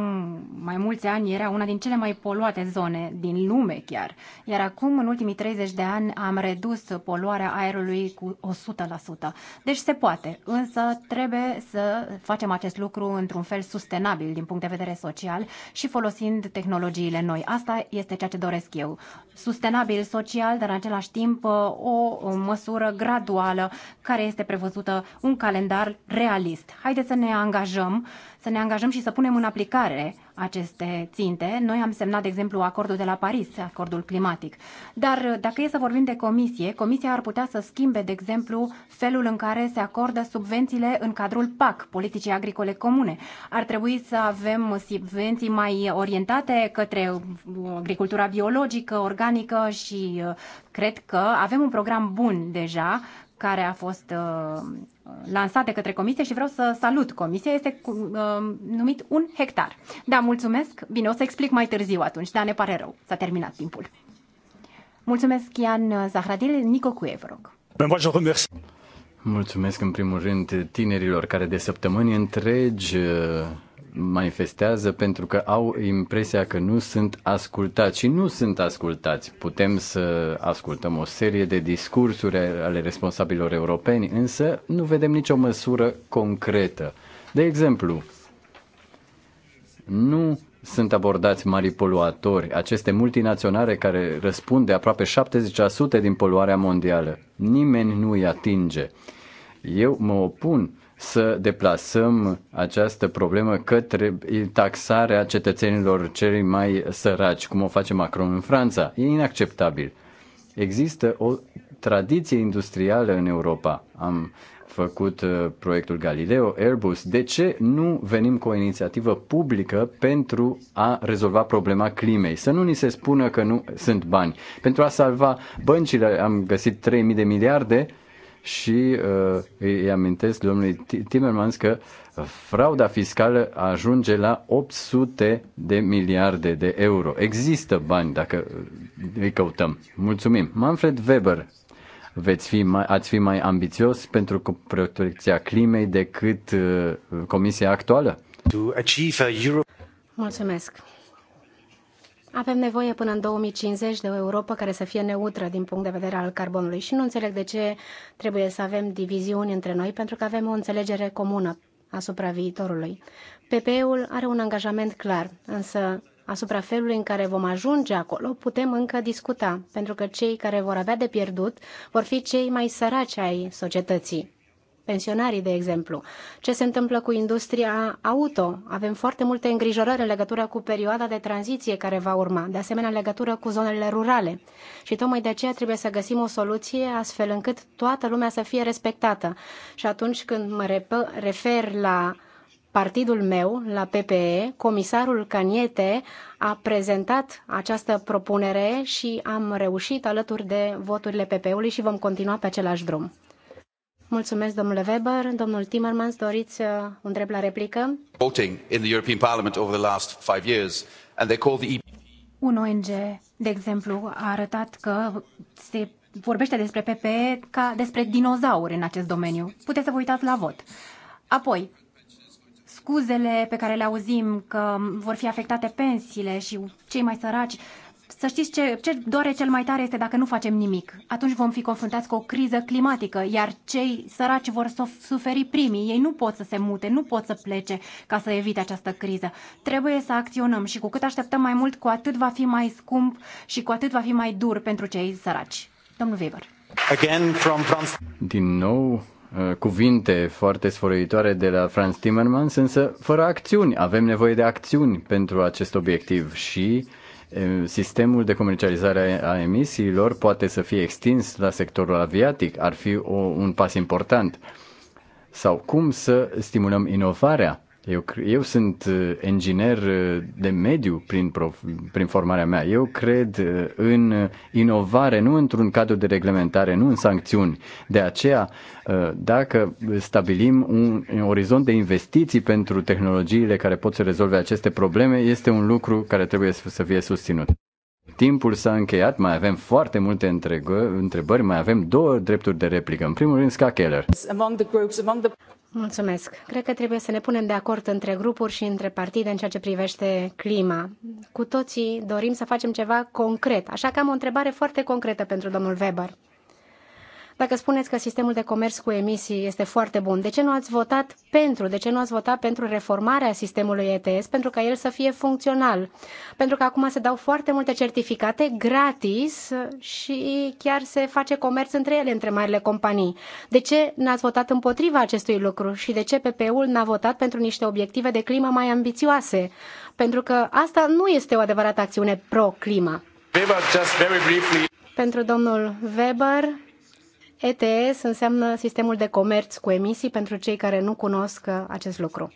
mai mulți ani era una din cele mai poluate zone din lume chiar. Iar acum, în ultimii 30 de ani, am redus poluarea aerului cu 100%. Deci se poate, însă trebuie să facem acest lucru într-un fel sustenabil din punct de vedere social și folosind tehnologiile noi. Asta este ceea ce doresc eu. Sustenabil social, dar în același timp o măsură graduală care este prevăzută un calendar realist. Haideți să ne angajăm, să ne angajăm și să punem în aplicare aceste ținte. Noi am semnat, de exemplu, acordul de la Paris, acordul climatic. Dar uh, dacă e să vorbim de comisie, comisia ar putea să schimbe, de exemplu, felul în care se acordă subvențiile în cadrul PAC, Politicii Agricole Comune. Ar trebui să avem subvenții mai orientate către uh, agricultura biologică, organică și uh, cred că avem un program bun deja care a fost lansat de către comisie și vreau să salut comisia, este uh, numit un hectar. Da, mulțumesc. Bine, o să explic mai târziu atunci, dar ne pare rău. S-a terminat timpul. Mulțumesc, Ian Zahradil. Nico Cuev, rog. Mulțumesc în primul rând tinerilor care de săptămâni întregi manifestează pentru că au impresia că nu sunt ascultați și nu sunt ascultați. Putem să ascultăm o serie de discursuri ale responsabililor europeni, însă nu vedem nicio măsură concretă. De exemplu, nu sunt abordați mari poluatori, aceste multinaționale care răspund de aproape 70% din poluarea mondială. Nimeni nu îi atinge. Eu mă opun să deplasăm această problemă către taxarea cetățenilor cei mai săraci, cum o face Macron în Franța. E inacceptabil. Există o tradiție industrială în Europa. Am făcut uh, proiectul Galileo, Airbus. De ce nu venim cu o inițiativă publică pentru a rezolva problema climei? Să nu ni se spună că nu sunt bani. Pentru a salva băncile am găsit 3.000 de miliarde și uh, îi amintesc domnului Timmermans că frauda fiscală ajunge la 800 de miliarde de euro. Există bani dacă uh, îi căutăm. Mulțumim. Manfred Weber, veți fi mai, ați fi mai ambițios pentru protecția climei decât uh, comisia actuală? Mulțumesc. Avem nevoie până în 2050 de o Europa care să fie neutră din punct de vedere al carbonului și nu înțeleg de ce trebuie să avem diviziuni între noi, pentru că avem o înțelegere comună asupra viitorului. PPE-ul are un angajament clar, însă asupra felului în care vom ajunge acolo putem încă discuta, pentru că cei care vor avea de pierdut vor fi cei mai săraci ai societății pensionarii, de exemplu. Ce se întâmplă cu industria auto? Avem foarte multe îngrijorări în legătură cu perioada de tranziție care va urma, de asemenea în legătură cu zonele rurale. Și tocmai de aceea trebuie să găsim o soluție astfel încât toată lumea să fie respectată. Și atunci când mă refer la partidul meu, la PPE, comisarul Caniete a prezentat această propunere și am reușit alături de voturile PPE-ului și vom continua pe același drum. Mulțumesc, domnule Weber. Domnul Timmermans, doriți uh, un drept la replică? Voting in the European Parliament over the last five years, and they call the EP. un ONG, de exemplu, a arătat că se vorbește despre PPE ca despre dinozauri în acest domeniu. Puteți să vă uitați la vot. Apoi, scuzele pe care le auzim că vor fi afectate pensiile și cei mai săraci să știți ce, ce doare cel mai tare este dacă nu facem nimic. Atunci vom fi confruntați cu o criză climatică, iar cei săraci vor suferi primii. Ei nu pot să se mute, nu pot să plece ca să evite această criză. Trebuie să acționăm și cu cât așteptăm mai mult, cu atât va fi mai scump și cu atât va fi mai dur pentru cei săraci. Domnul Weber. Again from France. Din nou, uh, cuvinte foarte sfărăitoare de la Franz Timmermans, însă fără acțiuni. Avem nevoie de acțiuni pentru acest obiectiv și uh, sistemul de comercializare a emisiilor poate să fie extins la sectorul aviatic, ar fi o, un pas important. Sau cum să stimulăm inovarea eu, eu sunt uh, inginer uh, de mediu prin, prof, prin formarea mea. Eu cred uh, în inovare, nu într-un cadru de reglementare, nu în sancțiuni. De aceea, dacă stabilim un, un orizont de investiții pentru tehnologiile care pot să rezolve aceste probleme, este un lucru care trebuie să fie susținut. Timpul s-a încheiat, mai avem foarte multe întrebări, mai avem două drepturi de replică. În primul rând, Scott Keller. Mulțumesc. Cred că trebuie să ne punem de acord între grupuri și între partide în ceea ce privește clima. Cu toții dorim să facem ceva concret, așa că am o întrebare foarte concretă pentru domnul Weber. Dacă spuneți că sistemul de comerț cu emisii este foarte bun, de ce nu ați votat pentru? De ce nu ați votat pentru reformarea sistemului ETS pentru ca el să fie funcțional? Pentru că acum se dau foarte multe certificate gratis și chiar se face comerț între ele, între marile companii. De ce n-ați votat împotriva acestui lucru și de ce PP-ul n-a votat pentru niște obiective de climă mai ambițioase? Pentru că asta nu este o adevărată acțiune pro-climă. Pentru domnul Weber, ETS înseamnă sistemul de comerț cu emisii pentru cei care nu cunosc uh, acest lucru.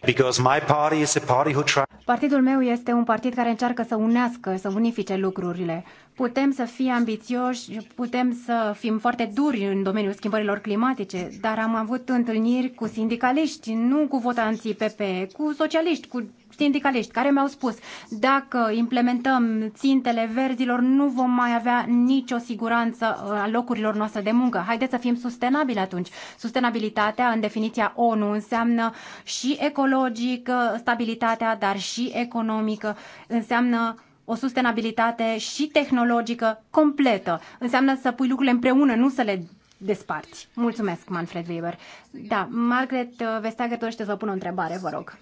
Partidul meu este un partid care încearcă să unească, să unifice lucrurile. Putem să fim ambițioși, putem să fim foarte duri în domeniul schimbărilor climatice, dar am avut întâlniri cu sindicaliști, nu cu votanții PPE, cu socialiști, cu sindicaliști care mi-au spus dacă implementăm țintele verzilor nu vom mai avea nicio siguranță uh, a locurilor noastre de muncă. Haideți să fim sustenabili atunci. Sustenabilitatea, în definiția ONU, înseamnă și ecologică uh, stabilitatea, dar și economică. Înseamnă o sustenabilitate și tehnologică completă. Înseamnă să pui lucrurile împreună, nu să le desparți. Mulțumesc, Manfred Weber. Da, Margaret uh, Vestager dorește să vă pun o întrebare, vă rog.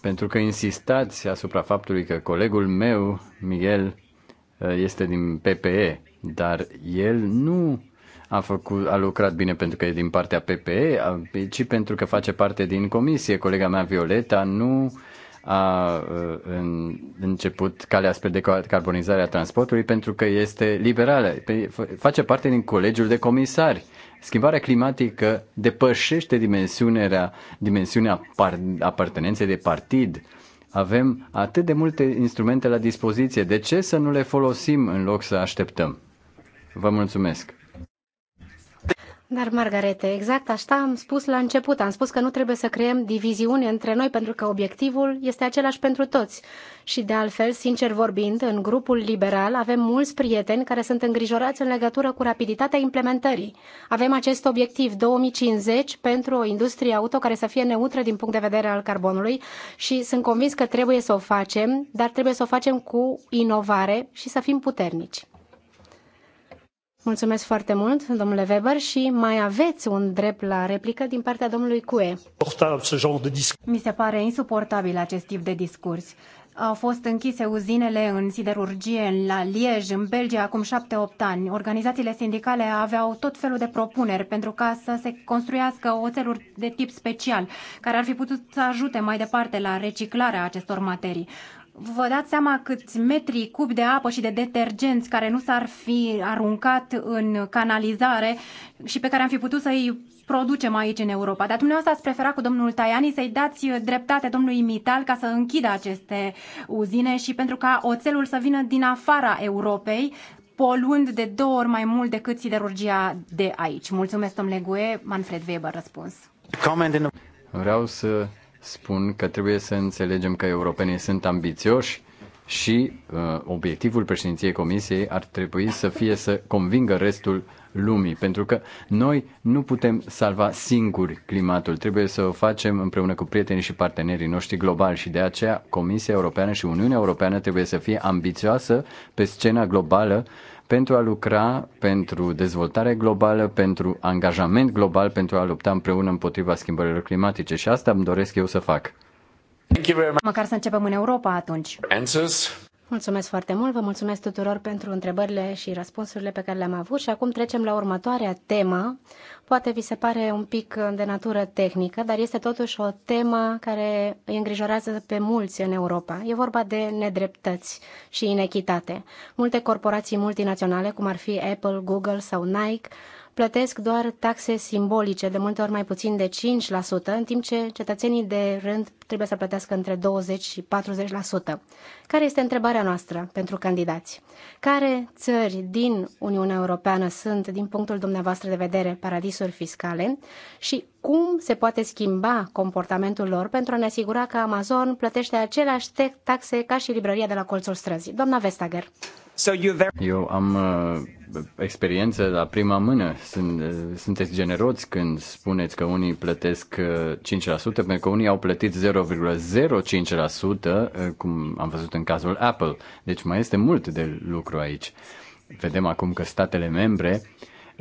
Pentru că insistați asupra faptului că colegul meu, Miguel, uh, este din PPE, dar el nu a, făcut, a lucrat bine pentru că e din partea PPE, ci pentru că face parte din comisie. Colega mea, Violeta, nu a început calea spre decarbonizarea transportului pentru că este liberală, face parte din colegiul de comisari. Schimbarea climatică depășește dimensiunea, dimensiunea apartenenței de partid. Avem atât de multe instrumente la dispoziție, de ce să nu le folosim în loc să așteptăm? Vă mulțumesc! Dar, Margarete, exact așa am spus la început. Am spus că nu trebuie să creăm diviziuni între noi, pentru că obiectivul este același pentru toți. Și, de altfel, sincer vorbind, în grupul liberal avem mulți prieteni care sunt îngrijorați în legătură cu rapiditatea implementării. Avem acest obiectiv 2050 pentru o industrie auto care să fie neutră din punct de vedere al carbonului și sunt convins că trebuie să o facem, dar trebuie să o facem cu inovare și să fim puternici. Mulțumesc foarte mult, domnule Weber, și mai aveți un drept la replică din partea domnului Cue. Mi se pare insuportabil acest tip de discurs. Au fost închise uzinele în siderurgie la Liej, în Belgia, acum 7-8 ani. Organizațiile sindicale aveau tot felul de propuneri pentru ca să se construiască oțeluri de tip special, care ar fi putut să ajute mai departe la reciclarea acestor materii vă dați seama câți metri cubi de apă și de detergenți care nu s-ar fi aruncat în canalizare și pe care am fi putut să-i producem aici în Europa. Dar dumneavoastră ați preferat cu domnul Tajani să-i dați dreptate domnului Mital ca să închidă aceste uzine și pentru ca oțelul să vină din afara Europei, poluând de două ori mai mult decât siderurgia de aici. Mulțumesc, domnule Gue. Manfred Weber, răspuns. Vreau să spun că trebuie să înțelegem că europenii sunt ambițioși și uh, obiectivul președinției Comisiei ar trebui să fie să convingă restul lumii, pentru că noi nu putem salva singuri climatul, trebuie să o facem împreună cu prietenii și partenerii noștri globali și de aceea Comisia Europeană și Uniunea Europeană trebuie să fie ambițioasă pe scena globală uh, pentru a lucra pentru dezvoltare globală, pentru angajament global, pentru a lupta împreună împotriva schimbărilor climatice. Și asta îmi doresc eu să fac. Măcar să începem în Europa atunci. Answers. Mulțumesc foarte mult, vă mulțumesc tuturor pentru întrebările și răspunsurile pe care le-am avut și acum trecem la următoarea temă Poate vi se pare un pic uh, de natură tehnică, dar este totuși o temă care îi îngrijorează pe mulți în Europa. E vorba de nedreptăți și inechitate. Multe corporații multinaționale, cum ar fi Apple, Google sau Nike, plătesc doar taxe simbolice, de multe ori mai puțin de 5%, în timp ce cetățenii de rând trebuie să plătească între 20 și 40%. Care este întrebarea noastră pentru candidați? Care țări din Uniunea Europeană sunt, din punctul dumneavoastră de vedere, paradisuri fiscale și cum se poate schimba comportamentul lor pentru a ne asigura că Amazon plătește aceleași taxe ca și librăria de la colțul străzii? Doamna Vestager. Eu am uh, experiență la prima mână. Sunt, uh, sunteți generoți când spuneți că unii plătesc 5%, uh, pentru că unii au plătit 0,05%, cum am văzut în cazul Apple. Deci mai este mult de lucru aici. Vedem acum că statele membre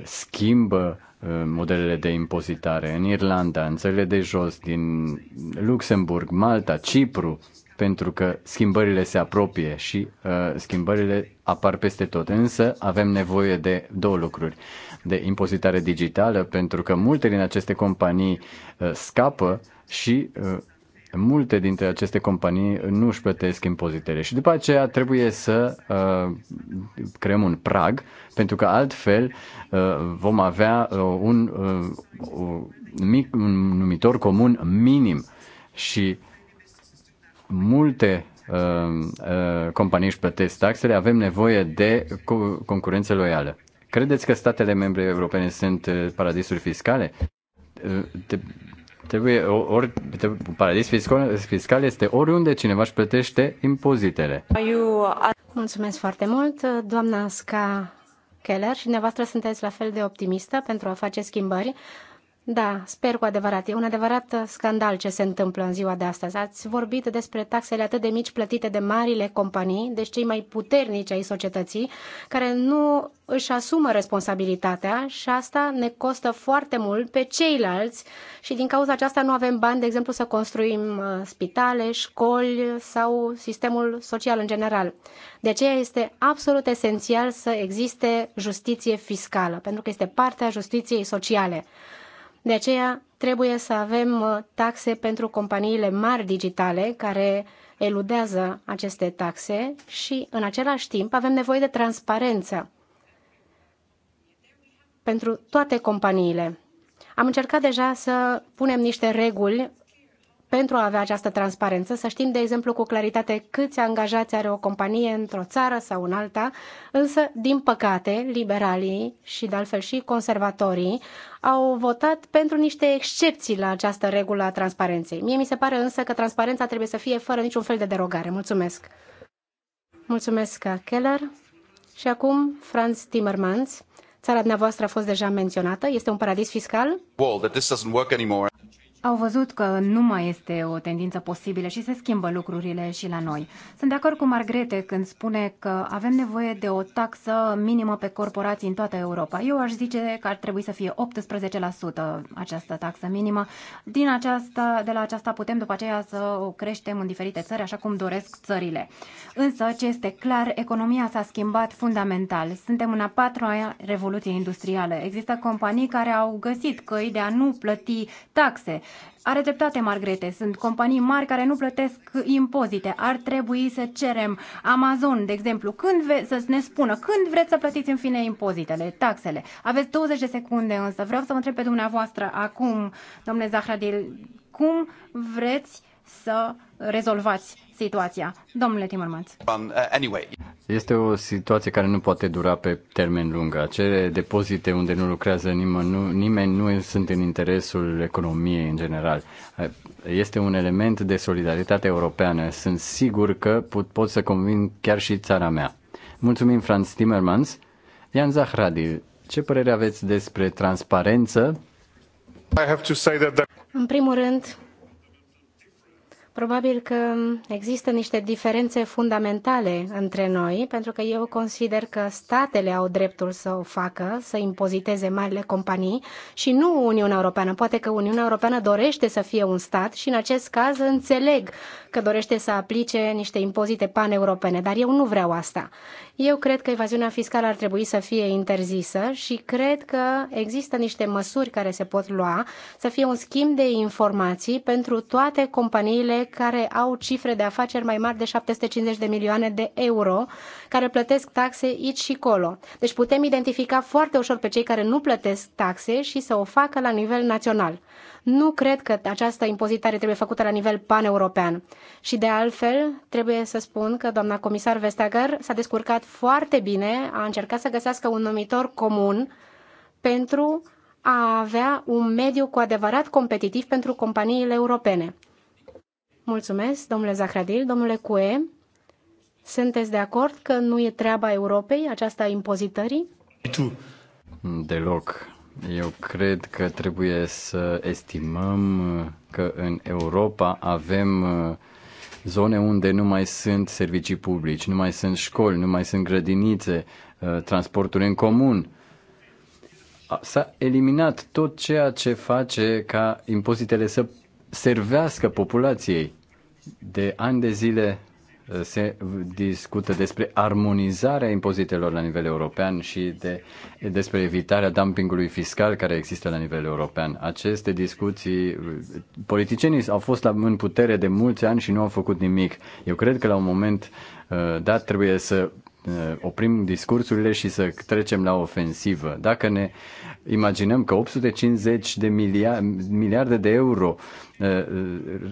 schimbă modelele de impozitare în Irlanda, în țările de jos, din Luxemburg, Malta, Cipru, pentru că schimbările se apropie și uh, schimbările apar peste tot. Însă avem nevoie de două lucruri. De impozitare digitală, pentru că multe din aceste companii uh, scapă și uh, multe dintre aceste companii nu își plătesc impozitele și după aceea trebuie să uh, creăm un prag pentru că altfel uh, vom avea uh, un, uh, un, mic, un numitor comun minim și multe uh, uh, companii își plătesc taxele, avem nevoie de concurență loială. Credeți că statele membre europene sunt uh, paradisuri fiscale? Trebuie, ori, paradis fiscal, fiscal este oriunde cineva își plătește impozitele. Mulțumesc foarte mult, doamna ska Keller și dumneavoastră sunteți la fel de optimistă pentru a face schimbări. Da, sper cu adevărat. E un adevărat uh, scandal ce se întâmplă în ziua de astăzi. Ați vorbit despre taxele atât de mici plătite de marile companii, deci cei mai puternici ai societății, care nu își asumă responsabilitatea și asta ne costă foarte mult pe ceilalți și din cauza aceasta nu avem bani, de exemplu, să construim uh, spitale, școli sau sistemul social în general. De aceea este absolut esențial să existe justiție fiscală, pentru că este partea justiției sociale. De aceea trebuie să avem uh, taxe pentru companiile mari digitale care eludează aceste taxe și în același timp avem nevoie de transparență pentru toate companiile. Am încercat deja să punem niște reguli pentru a avea această transparență, să știm, de exemplu, cu claritate câți angajați are o companie într-o țară sau în alta, însă, din păcate, liberalii și, de altfel, și conservatorii au votat pentru niște excepții la această regulă a transparenței. Mie mi se pare însă că transparența trebuie să fie fără niciun fel de derogare. Mulțumesc! Mulțumesc, Keller! Și acum, Franz Timmermans. Țara dumneavoastră a fost deja menționată, este un paradis fiscal? Well, that this doesn't work anymore au văzut că nu mai este o tendință posibilă și se schimbă lucrurile și la noi. Sunt de acord cu Margrete când spune că avem nevoie de o taxă minimă pe corporații în toată Europa. Eu aș zice că ar trebui să fie 18% această taxă minimă. Din aceasta, de la aceasta putem după aceea să o creștem în diferite țări, așa cum doresc țările. Însă, ce este clar, economia s-a schimbat fundamental. Suntem în a patra revoluție industrială. Există companii care au găsit căi de a nu plăti taxe are dreptate, Margrete. Sunt companii mari care nu plătesc impozite. Ar trebui să cerem Amazon, de exemplu, când ve- să ne spună când vreți să plătiți în fine impozitele, taxele. Aveți 20 de secunde însă. Vreau să vă întreb pe dumneavoastră acum, domnule Zahradil, cum vreți să rezolvați situația. Domnule Timmermans. Um, uh, anyway. Este o situație care nu poate dura pe termen lung. Acele depozite unde nu lucrează nimeni nu, nimeni nu sunt în interesul economiei în general. Este un element de solidaritate europeană. Sunt sigur că pot, pot să convin chiar și țara mea. Mulțumim, Franz Timmermans. Ian Zahradil, ce părere aveți despre transparență? I have to say that the... În primul rând, Probabil că există niște diferențe fundamentale între noi, pentru că eu consider că statele au dreptul să o facă, să impoziteze marile companii și nu Uniunea Europeană. Poate că Uniunea Europeană dorește să fie un stat și în acest caz înțeleg că dorește să aplice niște impozite paneuropene, dar eu nu vreau asta. Eu cred că evaziunea fiscală ar trebui să fie interzisă și cred că există niște măsuri care se pot lua să fie un schimb de informații pentru toate companiile care au cifre de afaceri mai mari de 750 de milioane de euro, care plătesc taxe aici și colo. Deci putem identifica foarte ușor pe cei care nu plătesc taxe și să o facă la nivel național. Nu cred că această impozitare trebuie făcută la nivel paneuropean. Și de altfel, trebuie să spun că doamna comisar Vestager s-a descurcat foarte bine, a încercat să găsească un numitor comun pentru a avea un mediu cu adevărat competitiv pentru companiile europene. Mulțumesc, domnule Zahradil, domnule Cue. Sunteți de acord că nu e treaba Europei aceasta impozitării? Deloc. Eu cred că trebuie să estimăm că în Europa avem uh, zone unde nu mai sunt servicii publici, nu mai sunt școli, nu mai sunt grădinițe, uh, transporturi în comun. S-a eliminat tot ceea ce face ca impozitele să servească populației. De ani de zile se discută despre armonizarea impozitelor la nivel european și de, despre evitarea dumpingului fiscal care există la nivel european. Aceste discuții, politicienii au fost la, în putere de mulți ani și nu au făcut nimic. Eu cred că la un moment uh, dat trebuie să Eh, oprim discursurile și să trecem la ofensivă. Dacă ne imaginăm că 850 de miliarde de euro eh, eh,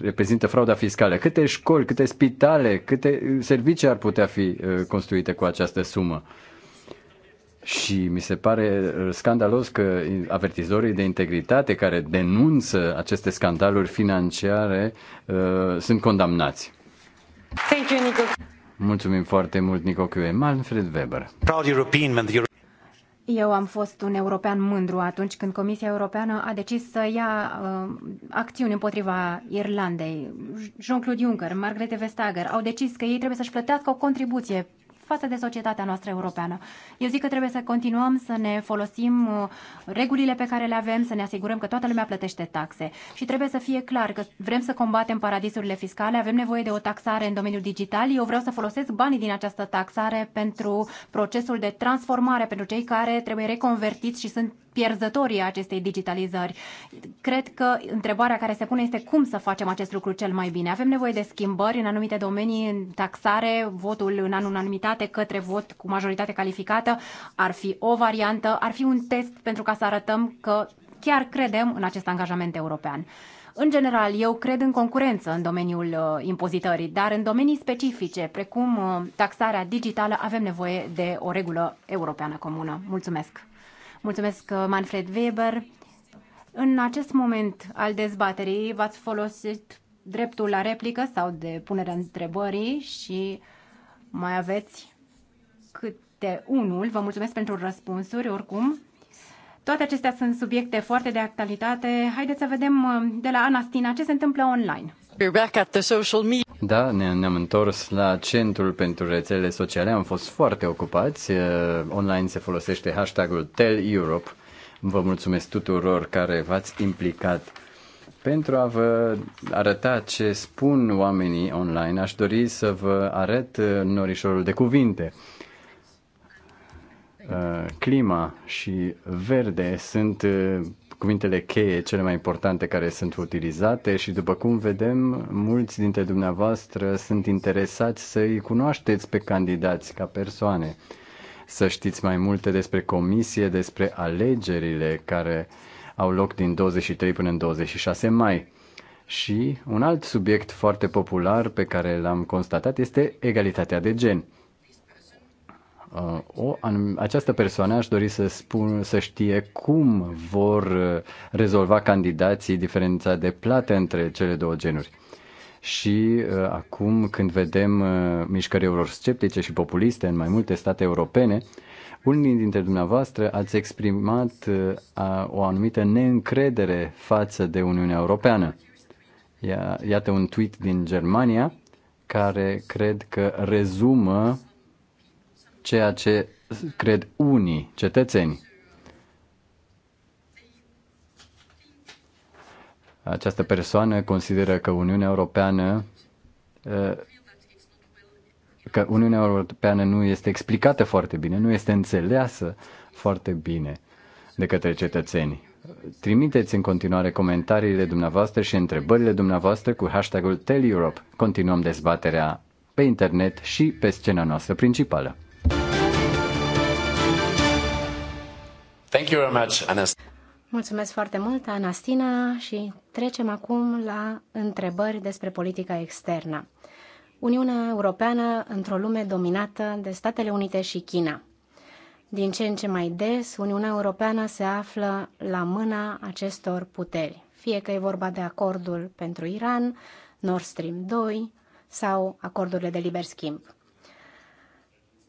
reprezintă frauda fiscală, câte școli, câte spitale, câte servicii ar putea fi construite cu această sumă? Și mi se pare scandalos că avertizorii de integritate care denunță aceste scandaluri financiare uh, sunt condamnați. Thank you, Nico. Mulțumim foarte mult, Nico Cue. Manfred Weber. Proud European when the eu am fost un european mândru atunci când Comisia Europeană a decis să ia uh, acțiuni împotriva Irlandei. Jean-Claude Juncker, Margrethe Vestager au decis că ei trebuie să-și plătească o contribuție față de societatea noastră europeană. Eu zic că trebuie să continuăm să ne folosim uh, regulile pe care le avem, să ne asigurăm că toată lumea plătește taxe. Și trebuie să fie clar că vrem să combatem paradisurile fiscale, avem nevoie de o taxare în domeniul digital. Eu vreau să folosesc banii din această taxare pentru procesul de transformare, pentru cei care trebuie reconvertiți și sunt pierzătorii acestei digitalizări. Cred că întrebarea care se pune este cum să facem acest lucru cel mai bine. Avem nevoie de schimbări în anumite domenii, în taxare, votul în unanimitate către vot cu majoritate calificată ar fi o variantă, ar fi un test pentru ca să arătăm că chiar credem în acest angajament european. În general, eu cred în concurență în domeniul uh, impozitării, dar în domenii specifice, precum uh, taxarea digitală, avem nevoie de o regulă europeană comună. Mulțumesc! Mulțumesc, uh, Manfred Weber. În acest moment al dezbaterii v-ați folosit dreptul la replică sau de punerea întrebării și mai aveți câte unul. Vă mulțumesc pentru răspunsuri, oricum. Toate acestea sunt subiecte foarte de actualitate. Haideți să vedem uh, de la Anastina ce se întâmplă online. Da, ne-am întors la centrul pentru rețelele sociale. Am fost foarte ocupați. Eh, online se folosește hashtagul Tell Europe. Vă mulțumesc tuturor care v-ați implicat pentru a vă arăta ce spun oamenii online, aș dori să vă arăt eh, norișorul de cuvinte. Eh, clima și verde sunt cuvintele cheie cele mai importante care sunt utilizate și după cum vedem, mulți dintre dumneavoastră sunt interesați să îi cunoașteți pe candidați ca persoane, să știți mai multe despre comisie, despre alegerile care au loc din 23 până în 26 mai. Și un alt subiect foarte popular pe care l-am constatat este egalitatea de gen. Uh, o, această persoană aș dori să, spun, să știe cum vor uh, rezolva candidații diferența de plată între cele două genuri. Și uh, acum, când vedem uh, mișcări eurosceptice și populiste în mai multe state europene, unii dintre dumneavoastră ați exprimat uh, o anumită neîncredere față de Uniunea Europeană. Ia, iată un tweet din Germania care cred că rezumă ceea ce cred unii cetățeni. Această persoană consideră că Uniunea Europeană eh, că Uniunea Europeană nu este explicată foarte bine, nu este înțeleasă foarte bine de către cetățeni. Trimiteți în continuare comentariile dumneavoastră și întrebările dumneavoastră cu hashtagul #TellEurope. Continuăm dezbaterea pe internet și pe scena noastră principală. Thank you very much, Anastina. Mulțumesc foarte mult, Anastina, și trecem acum la întrebări despre politica externă. Uniunea Europeană într-o lume dominată de Statele Unite și China. Din ce în ce mai des, Uniunea Europeană se află la mâna acestor puteri, fie că e vorba de acordul pentru Iran, Nord Stream 2 sau acordurile de liber schimb.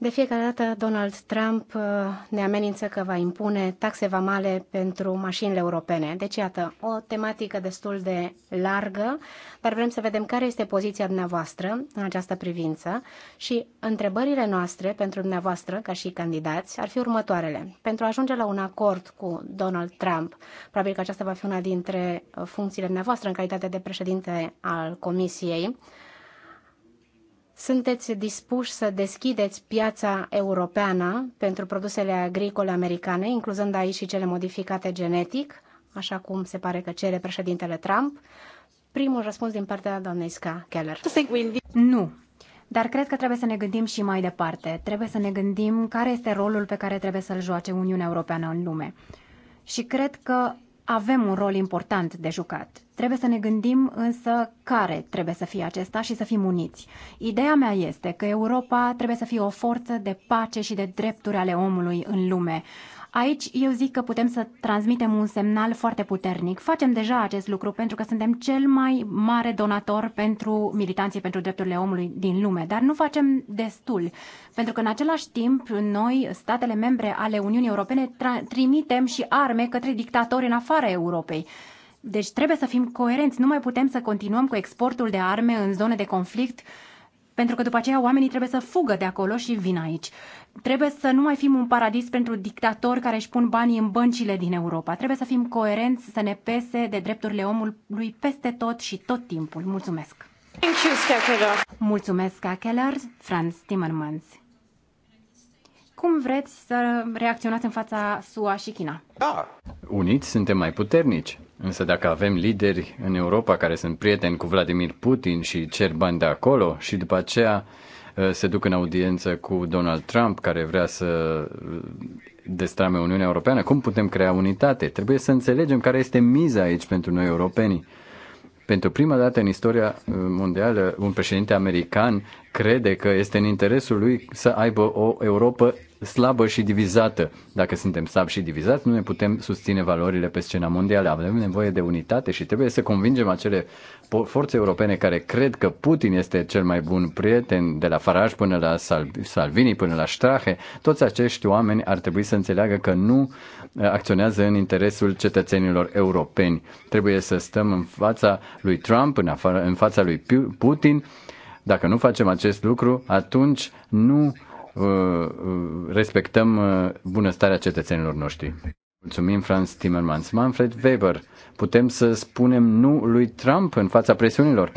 De fiecare dată Donald Trump uh, ne amenință că va impune taxe vamale pentru mașinile europene. Deci, iată, o tematică destul de largă, dar vrem să vedem care este poziția dumneavoastră în această privință și întrebările noastre pentru dumneavoastră, ca și candidați, ar fi următoarele. Pentru a ajunge la un acord cu Donald Trump, probabil că aceasta va fi una dintre uh, funcțiile dumneavoastră în calitate de președinte al Comisiei, sunteți dispuși să deschideți piața europeană pentru produsele agricole americane, incluzând aici și cele modificate genetic, așa cum se pare că cere președintele Trump? Primul răspuns din partea doamnei Ska Keller. Nu. Dar cred că trebuie să ne gândim și mai departe. Trebuie să ne gândim care este rolul pe care trebuie să-l joace Uniunea Europeană în lume. Și cred că avem un rol important de jucat. Trebuie să ne gândim însă care trebuie să fie acesta și să fim uniți. Ideea mea este că Europa trebuie să fie o forță de pace și de drepturi ale omului în lume, Aici eu zic că putem să transmitem un semnal foarte puternic. Facem deja acest lucru pentru că suntem cel mai mare donator pentru militanții pentru drepturile omului din lume, dar nu facem destul. Pentru că în același timp noi, statele membre ale Uniunii Europene, trimitem și arme către dictatori în afara Europei. Deci trebuie să fim coerenți, nu mai putem să continuăm cu exportul de arme în zone de conflict uh, pentru că după aceea oamenii trebuie să fugă de acolo și vin aici. Trebuie să nu mai fim un paradis pentru dictatori care își pun banii în băncile din Europa. Trebuie să fim coerenți, să ne pese de drepturile omului peste tot și tot timpul. Mulțumesc! Mulțumesc, Keller, Franz Timmermans. Cum vreți să reacționați în fața SUA și China? Da. Uniți suntem mai puternici. Însă dacă avem lideri în Europa care sunt prieteni cu Vladimir Putin și cer bani de acolo și după aceea ă, se duc în audiență cu Donald Trump care vrea să ă, destrame Uniunea Europeană, cum putem crea unitate? Trebuie să înțelegem care este miza aici pentru noi europenii. Pentru prima dată în istoria ă, mondială, un președinte american crede că este în interesul lui să aibă o Europa slabă și divizată. Dacă suntem slabi și divizați, nu ne putem susține valorile pe scena mondială. Avem nevoie de unitate și trebuie să convingem acele forțe europene care cred că Putin este cel mai bun prieten, de la Farage până la Salvini, până la Strache. Toți acești oameni ar trebui să înțeleagă că nu eh, acționează în interesul cetățenilor europeni. Trebuie să stăm în fața lui Trump, în, afară, în fața lui Putin. Dacă nu facem acest lucru, atunci nu Uh, uh, respectăm uh, bunăstarea cetățenilor noștri. Mulțumim, Franz Timmermans. Manfred Weber, putem să spunem nu lui Trump în fața presiunilor?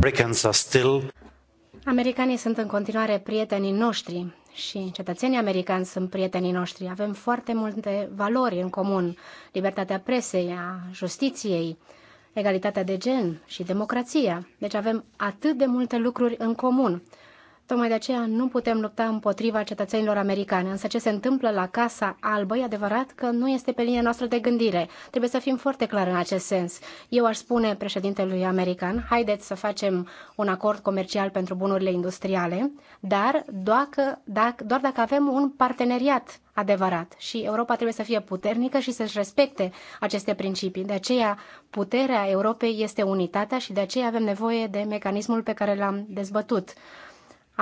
Americanii sunt în continuare prietenii noștri și cetățenii americani sunt prietenii noștri. Avem foarte multe valori în comun. Libertatea presei, a justiției, egalitatea de gen și democrația. Deci avem atât de multe lucruri în comun. Tocmai de aceea nu putem lupta împotriva cetățenilor americani, însă ce se întâmplă la Casa Albă e adevărat că nu este pe linia noastră de gândire. Trebuie să fim foarte clari în acest sens. Eu aș spune președintelui american, haideți să facem un acord comercial pentru bunurile industriale, dar doar, dacă, doar dacă avem un parteneriat adevărat și Europa trebuie să fie puternică și să-și respecte aceste principii. De aceea, puterea Europei este unitatea și de aceea avem nevoie de mecanismul pe care l-am dezbătut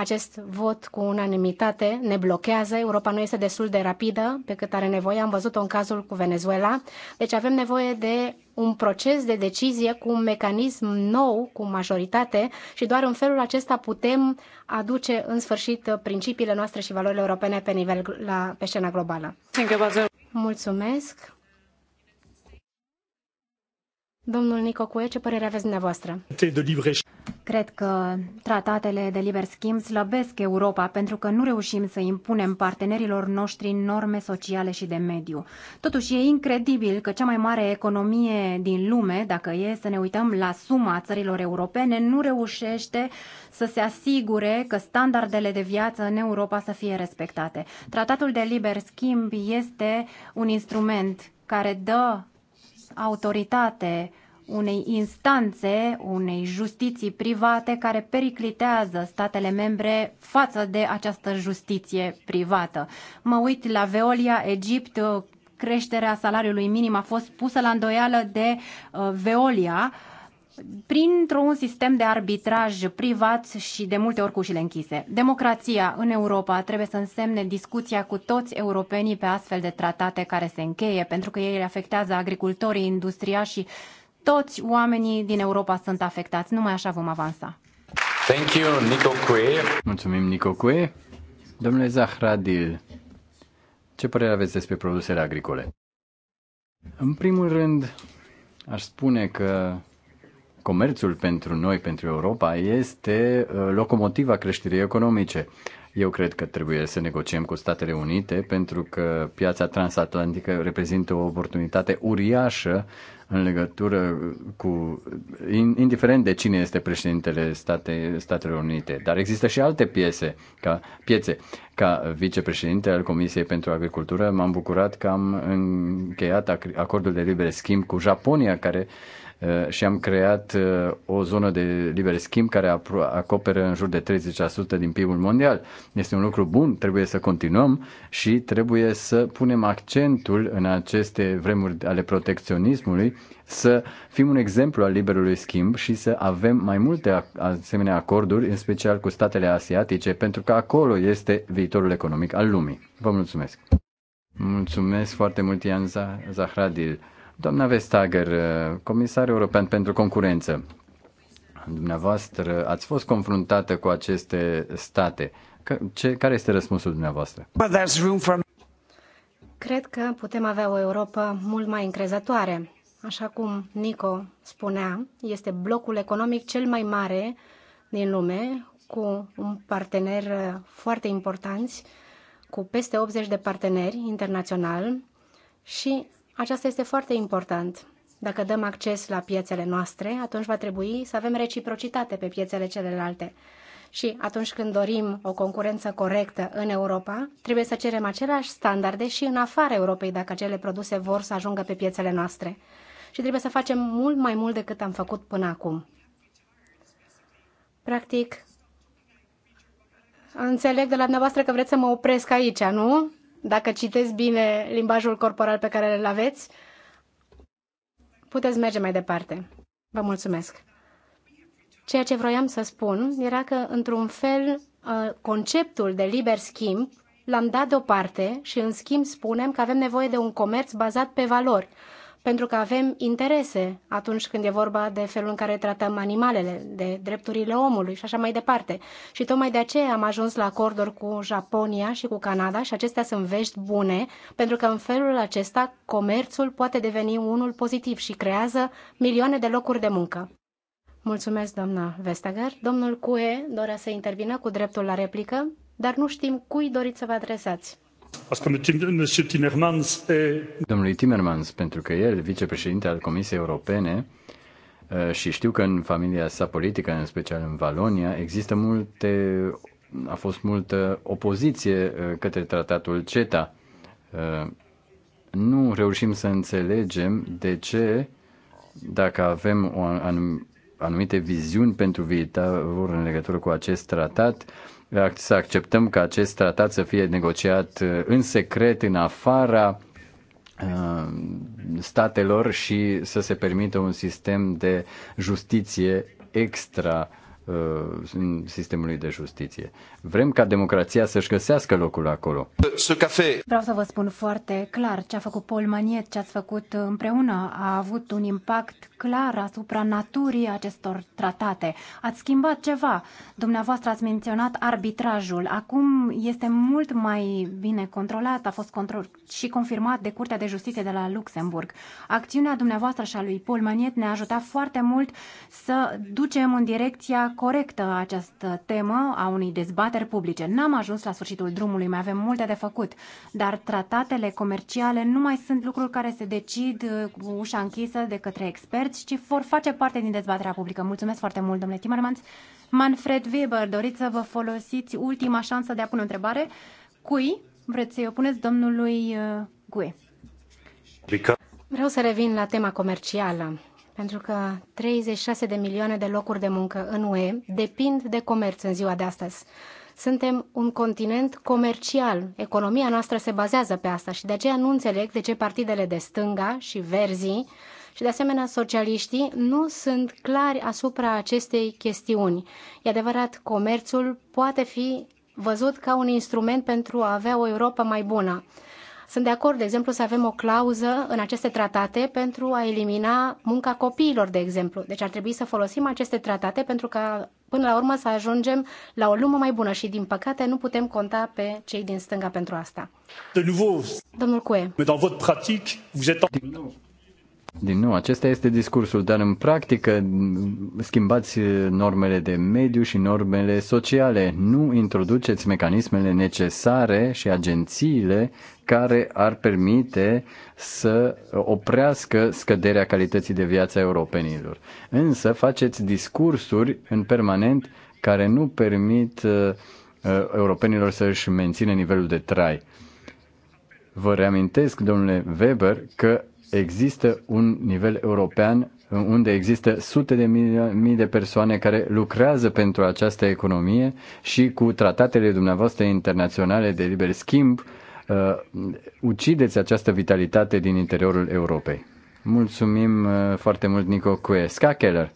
acest vot cu unanimitate ne blochează. Europa nu este destul de rapidă pe cât are nevoie. Am văzut-o în cazul cu Venezuela. Deci avem nevoie de un proces de decizie cu un mecanism nou, cu majoritate și doar în felul acesta putem aduce în sfârșit principiile noastre și valorile europene pe nivel la, pe scena globală. Mulțumesc! Domnul Cuie, ce părere aveți dumneavoastră? Cred că tratatele de liber schimb slăbesc Europa pentru că nu reușim să impunem partenerilor noștri norme sociale și de mediu. Totuși e incredibil că cea mai mare economie din lume, dacă e să ne uităm la suma țărilor europene, nu reușește să se asigure că standardele de viață în Europa să fie respectate. Tratatul de liber schimb este un instrument care dă autoritate unei instanțe, unei justiții private care periclitează statele membre față de această justiție privată. Mă uit la Veolia, Egipt, creșterea salariului minim a fost pusă la îndoială de uh, Veolia printr-un sistem de arbitraj privat și de multe ori cu ușile închise. Democrația în Europa trebuie să însemne discuția cu toți europenii pe astfel de tratate care se încheie, pentru că ei afectează agricultorii, industriașii, toți oamenii din Europa sunt afectați. Numai așa vom avansa. Thank you, Nico Cue. Mulțumim, Nico Cue. Domnule Zahradil, ce părere aveți despre produsele agricole? În primul rând, aș spune că comerțul pentru noi, pentru Europa, este uh, locomotiva creșterii economice. Eu cred că trebuie să negociem cu Statele Unite pentru că piața transatlantică reprezintă o oportunitate uriașă în legătură cu, indiferent de cine este președintele State, Statelor Unite. Dar există și alte piese, ca, piețe. Ca vicepreședinte al Comisiei pentru Agricultură m-am bucurat că am încheiat acordul de liber schimb cu Japonia, care uh, Eh, și am creat eh, o zonă de liber schimb care acoperă în jur de 30% din PIB-ul mondial. Este un lucru bun, trebuie să continuăm și trebuie să punem accentul în aceste vremuri ale protecționismului să fim un exemplu al liberului schimb și să avem mai multe asemenea acorduri, în special cu statele asiatice, pentru că acolo este viitorul economic al lumii. Vă mulțumesc! Mulțumesc foarte mult, Ian Zahradil. Doamna Vestager, uh, comisar european pentru concurență, dumneavoastră ați fost confruntată cu aceste state. Ce, care este răspunsul dumneavoastră? Cred că putem avea o Europa mult mai încrezătoare. Așa cum Nico spunea, este blocul economic cel mai mare din lume, cu un partener uh, foarte important, cu peste 80 de parteneri internațional și aceasta este foarte important. Dacă dăm acces la piețele noastre, atunci va trebui să avem reciprocitate pe piețele celelalte. Și atunci când dorim o concurență corectă în Europa, trebuie să cerem aceleași standarde și în afara Europei dacă acele produse vor să ajungă pe piețele noastre. Și trebuie să facem mult mai mult decât am făcut până acum. Practic, înțeleg de la dumneavoastră că vreți să mă opresc aici, nu? dacă citeți bine limbajul corporal pe care îl aveți, puteți merge mai departe. Vă mulțumesc. Ceea ce vroiam să spun era că, într-un fel, uh, conceptul de liber schimb l-am dat deoparte și, în schimb, spunem că avem nevoie de un comerț bazat pe valori pentru că avem interese atunci când e vorba de felul în care tratăm animalele, de drepturile omului și așa mai departe. Și tocmai de aceea am ajuns la acorduri cu Japonia și cu Canada și acestea sunt vești bune, pentru că în felul acesta comerțul poate deveni unul pozitiv și creează milioane de locuri de muncă. Mulțumesc, doamna Vestager. Domnul Cue dorea să intervină cu dreptul la replică, dar nu știm cui doriți să vă adresați. Domnului Timmermans, pentru că el, vicepreședinte al Comisiei Europene, uh, și știu că în familia sa politică, în special în Valonia, există multe, a fost multă opoziție uh, către tratatul CETA. Uh, nu reușim să înțelegem de ce, dacă avem o anum- anumite viziuni pentru viitor în legătură cu acest tratat, să acceptăm ca acest tratat să fie negociat uh, în secret, în afara uh, statelor și să se permită un sistem de justiție extra Uh, sistemului de justiție. Vrem ca democrația să-și găsească locul acolo. Vreau să vă spun foarte clar ce a făcut Paul Maniet, ce ați făcut împreună. A avut un impact clar asupra naturii acestor tratate. Ați schimbat ceva. Dumneavoastră ați menționat arbitrajul. Acum este mult mai bine controlat, a fost control și confirmat de Curtea de Justiție de la Luxemburg. Acțiunea dumneavoastră și a lui Paul Maniet ne-a ajutat foarte mult să ducem în direcția corectă această temă a unei dezbateri publice. N-am ajuns la sfârșitul drumului, mai avem multe de făcut, dar tratatele comerciale nu mai sunt lucruri care se decid uh, cu ușa închisă de către experți, ci vor face parte din dezbaterea publică. Mulțumesc foarte mult, domnule Timmermans. Manfred Weber, doriți să vă folosiți ultima șansă de a pune o întrebare? Cui vreți să-i opuneți domnului uh, Gue? Vreau să revin la tema comercială pentru că 36 de milioane de locuri de muncă în UE depind de comerț în ziua de astăzi. Suntem un continent comercial. Economia noastră se bazează pe asta și de aceea nu înțeleg de ce partidele de stânga și verzii și de asemenea socialiștii nu sunt clari asupra acestei chestiuni. E adevărat, comerțul poate fi văzut ca un instrument pentru a avea o Europa mai bună. Sunt de acord, de exemplu, să avem o clauză în aceste tratate pentru a elimina munca copiilor, de exemplu. Deci ar trebui să folosim aceste tratate pentru ca până la urmă să ajungem la o lume mai bună și, din păcate, nu putem conta pe cei din stânga pentru asta. De nouveau, Domnul Cue. dans votre pratique, vous êtes din nou, acesta este discursul, dar în practică mm, schimbați normele de mediu și normele sociale. Nu introduceți mecanismele necesare și agențiile care ar permite să oprească scăderea calității de viață a europenilor. Însă faceți discursuri în permanent care nu permit uh, uh europenilor să își mențină nivelul de trai. Vă reamintesc, domnule Weber, că există un nivel european unde există sute de mii de persoane care lucrează pentru această economie și cu tratatele dumneavoastră internaționale de liber schimb, uh, ucideți această vitalitate din interiorul Europei. Mulțumim uh, foarte mult, Nico Cuesca Keller.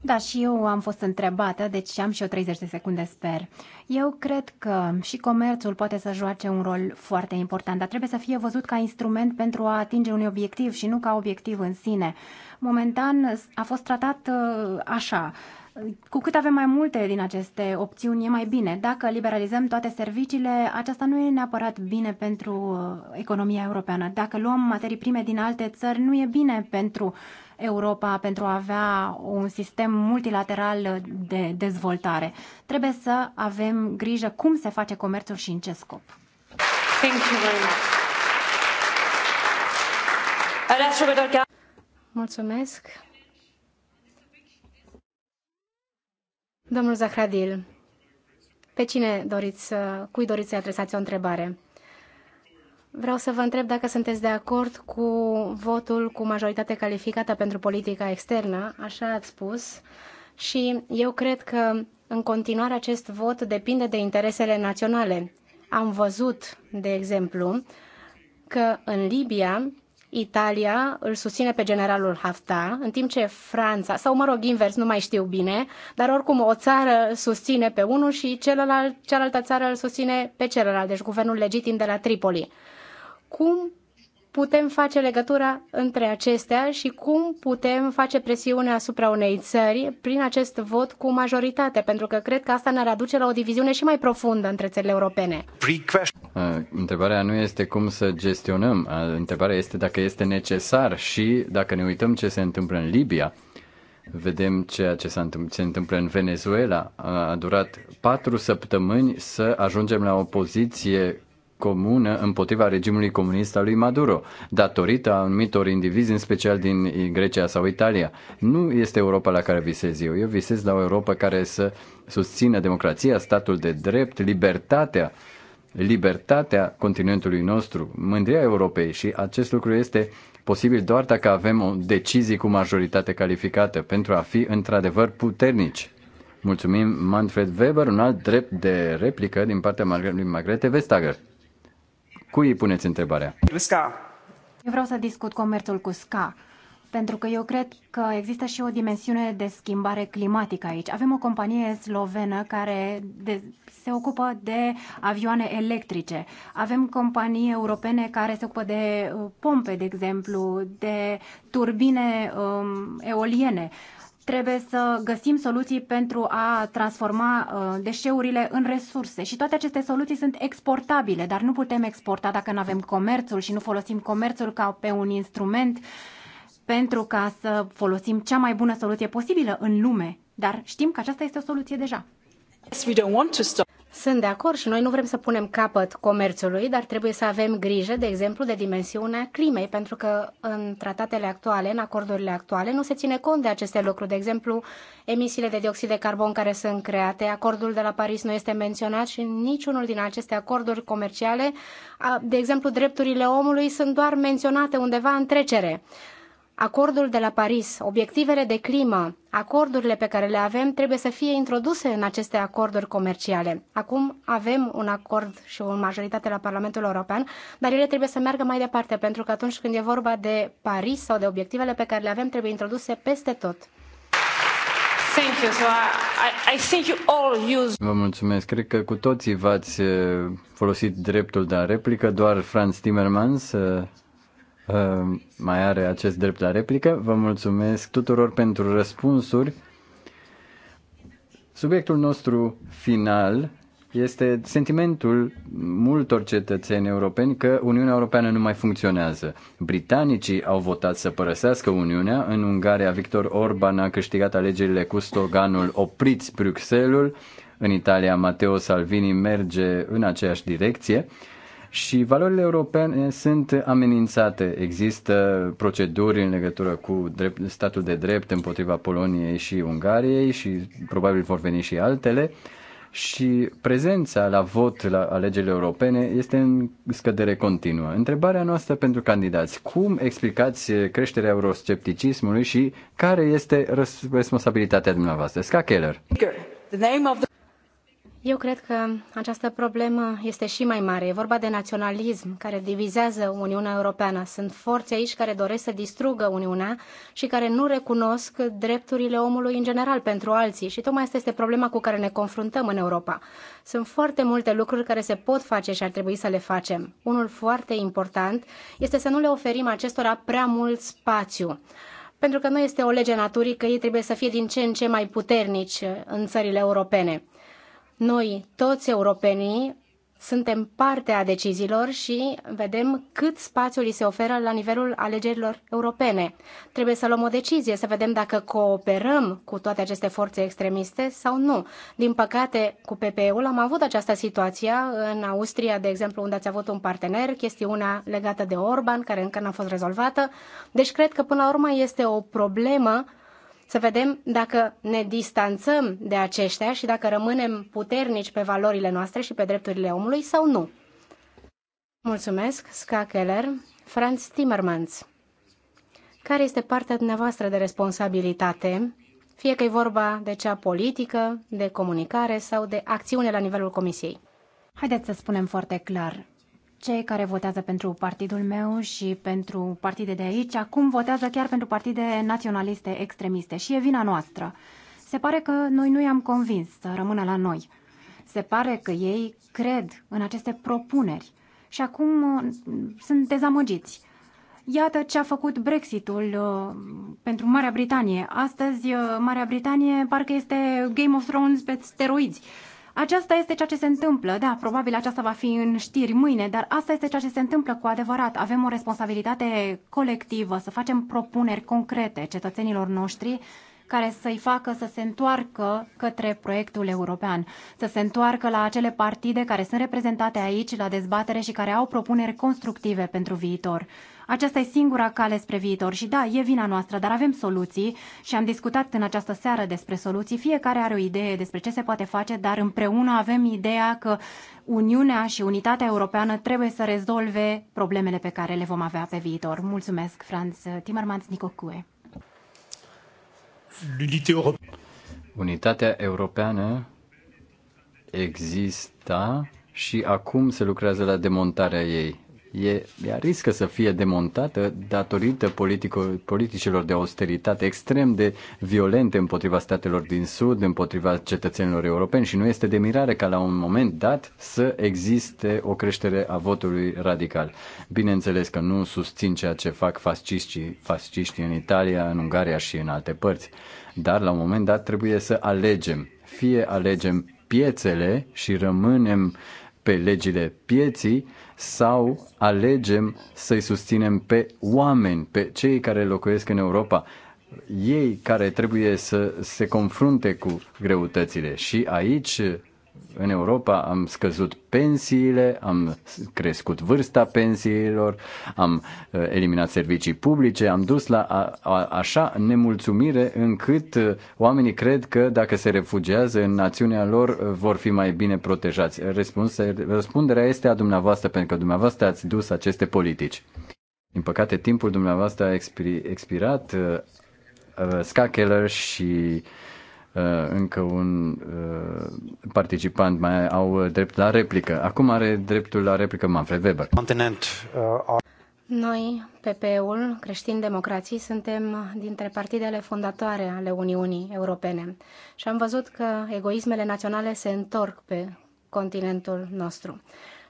Da, și eu am fost întrebată, deci am și eu 30 de secunde, sper. Eu cred că și comerțul poate să joace un rol foarte important, dar trebuie să fie văzut ca instrument pentru a atinge un obiectiv și nu ca obiectiv în sine. Momentan a fost tratat uh, așa cu cât avem mai multe din aceste opțiuni, e mai bine. Dacă liberalizăm toate serviciile, aceasta nu e neapărat bine pentru uh, economia europeană. Dacă luăm materii prime din alte țări, nu e bine pentru Europa pentru a avea un sistem multilateral de dezvoltare. Trebuie să avem grijă cum se face comerțul și în ce scop. Thank you very much. Mulțumesc. Domnul Zahradil, pe cine doriți, cui doriți să adresați o întrebare? Vreau să vă întreb dacă sunteți de acord cu votul cu majoritate calificată pentru politica externă, așa ați spus, și eu cred că în continuare acest vot depinde de interesele naționale. Am văzut, de exemplu, că în Libia Italia îl susține pe generalul Haftar, în timp ce Franța, sau mă rog invers, nu mai știu bine, dar oricum o țară susține pe unul și celălalt, cealaltă țară îl susține pe celălalt, deci guvernul legitim de la Tripoli. Cum putem face legătura între acestea și cum putem face presiune asupra unei țări prin acest vot cu majoritate, pentru că cred că asta ne-ar aduce la o diviziune și mai profundă între țările europene. Uh, întrebarea nu este cum să gestionăm, uh, întrebarea este dacă este necesar și dacă ne uităm ce se întâmplă în Libia, vedem ceea ce se întâmplă în Venezuela. Uh, a durat patru săptămâni să ajungem la o poziție comună împotriva regimului comunist al lui Maduro, datorită anumitor indivizi, în special din Grecia sau Italia. Nu este Europa la care visez eu. Eu visez la o Europa care să susțină democrația, statul de drept, libertatea, libertatea continentului nostru, mândria Europei și acest lucru este posibil doar dacă avem o decizie cu majoritate calificată pentru a fi într-adevăr puternici. Mulțumim Manfred Weber, un alt drept de replică din partea lui Margrethe Vestager. Cui îi puneți întrebarea? Sca. Eu vreau să discut comerțul cu SCA, pentru că eu cred că există și o dimensiune de schimbare climatică aici. Avem o companie slovenă care de, se ocupă de avioane electrice. Avem companii europene care se ocupă de uh, pompe, de exemplu, de turbine um, eoliene. Uh, Trebuie să găsim soluții pentru a transforma uh, deșeurile în resurse și toate aceste soluții sunt exportabile, dar nu putem exporta dacă nu avem comerțul și nu folosim comerțul ca pe un instrument pentru ca să folosim cea mai bună soluție posibilă în lume. Dar știm că aceasta este o soluție deja. Sunt de acord și noi nu vrem să punem capăt comerțului, dar trebuie să avem grijă, de exemplu, de dimensiunea climei, pentru că în tratatele actuale, în acordurile actuale, nu se ține cont de aceste lucruri. De exemplu, emisiile de dioxid de carbon care sunt create, acordul de la Paris nu este menționat și niciunul din aceste acorduri comerciale, de exemplu, drepturile omului sunt doar menționate undeva în trecere acordul de la Paris, obiectivele de climă, acordurile pe care le avem trebuie să fie introduse în aceste acorduri comerciale. Acum avem un acord și o majoritate la Parlamentul European, dar ele trebuie să meargă mai departe, pentru că atunci când e vorba de Paris sau de obiectivele pe care le avem, trebuie introduse peste tot. Thank you. So I, I think you all use... Vă mulțumesc. Cred că cu toții v-ați eh, folosit dreptul de a replică, doar Franz Timmermans eh, Ehm, mai are acest drept la replică. Vă mulțumesc tuturor pentru răspunsuri. Subiectul nostru final este sentimentul multor cetățeni europeni că Uniunea Europeană nu mai funcționează. Britanicii au votat să părăsească Uniunea, în Ungaria Victor Orban a câștigat alegerile cu stoganul Opriți Bruxelles, în Italia Matteo Salvini merge în aceeași direcție și valorile europene sunt amenințate. Există proceduri în legătură cu drept, statul de drept împotriva Poloniei și Ungariei și probabil vor veni și altele și prezența la vot la alegerile europene este în scădere continuă. Întrebarea noastră pentru candidați, cum explicați creșterea euroscepticismului și care este responsabilitatea dumneavoastră? Ska Keller. The name of the... Eu cred că această problemă este și mai mare. E vorba de naționalism care divizează Uniunea Europeană. Sunt forțe aici care doresc să distrugă Uniunea și care nu recunosc drepturile omului în general pentru alții. Și tocmai asta este problema cu care ne confruntăm în Europa. Sunt foarte multe lucruri care se pot face și ar trebui să le facem. Unul foarte important este să nu le oferim acestora prea mult spațiu pentru că nu este o lege naturii că ei trebuie să fie din ce în ce mai puternici în țările europene. Noi, toți europenii, suntem parte a deciziilor și vedem cât spațiu li se oferă la nivelul alegerilor europene. Trebuie să luăm o decizie, să vedem dacă cooperăm cu toate aceste forțe extremiste sau nu. Din păcate, cu PPE-ul am avut această situație în Austria, de exemplu, unde ați avut un partener, chestiunea legată de Orban, care încă n-a fost rezolvată. Deci cred că până la urmă este o problemă uh, să vedem dacă ne distanțăm de aceștia și dacă rămânem puternici pe valorile noastre și pe drepturile omului sau nu. Mulțumesc, Ska Keller, Franz Timmermans. Care este partea dumneavoastră de responsabilitate, fie că e vorba de cea politică, de comunicare sau de acțiune la nivelul Comisiei? Haideți să spunem foarte clar cei care votează pentru partidul meu și pentru partide de aici, acum votează chiar pentru partide naționaliste extremiste și e vina noastră. Se pare că noi nu i-am convins să rămână la noi. Se pare că ei cred în aceste propuneri și acum uh, sunt dezamăgiți. Iată ce a făcut Brexitul uh, pentru Marea Britanie. Astăzi, uh, Marea Britanie parcă este Game of Thrones pe steroizi. Uh, aceasta este ceea ce se întâmplă. Da, probabil aceasta va fi în știri mâine, dar asta este ceea ce se întâmplă cu adevărat. Avem o responsabilitate colectivă să facem propuneri concrete cetățenilor noștri care să-i facă să se întoarcă către proiectul european, să se întoarcă la acele partide care sunt reprezentate aici la dezbatere și care au propuneri constructive pentru viitor. Aceasta e singura cale spre viitor și da, e vina noastră, dar avem soluții și am discutat în această seară despre soluții. Fiecare are o idee despre ce se poate face, dar împreună avem ideea că Uniunea și unitatea europeană trebuie să rezolve problemele pe care le vom avea pe viitor. Mulțumesc, Franz Timmermans Nicocue. Unitatea europeană exista și acum se lucrează la demontarea ei e, ea riscă să fie demontată datorită politico- politicilor de austeritate extrem de violente împotriva statelor din Sud, împotriva cetățenilor europeni și nu este de mirare ca la un moment dat să existe o creștere a votului radical. Bineînțeles că nu susțin ceea ce fac fasciștii, fasciștii în Italia, în Ungaria și în alte părți, dar la un moment dat trebuie să alegem. Fie alegem piețele și rămânem uh, pe legile pieții sau alegem să-i susținem pe oameni, pe cei care locuiesc în Europa, ei care trebuie să se confrunte cu greutățile. Și aici în Europa am scăzut pensiile, am crescut vârsta pensiilor, am uh, eliminat servicii publice, am dus la a, a, așa nemulțumire încât uh, oamenii cred că dacă se refugiază în națiunea lor uh, vor fi mai bine protejați. Răspunderea este a dumneavoastră pentru că dumneavoastră ați dus aceste politici. Din păcate, timpul dumneavoastră a expirat. uh, Keller și Uh, încă un uh, participant mai au uh, drept la replică. Acum are dreptul la replică Manfred Weber. Continent, uh, noi, PPE-ul, creștini democrații, suntem dintre partidele fondatoare ale Uniunii Europene și am văzut că egoismele naționale se întorc pe continentul nostru.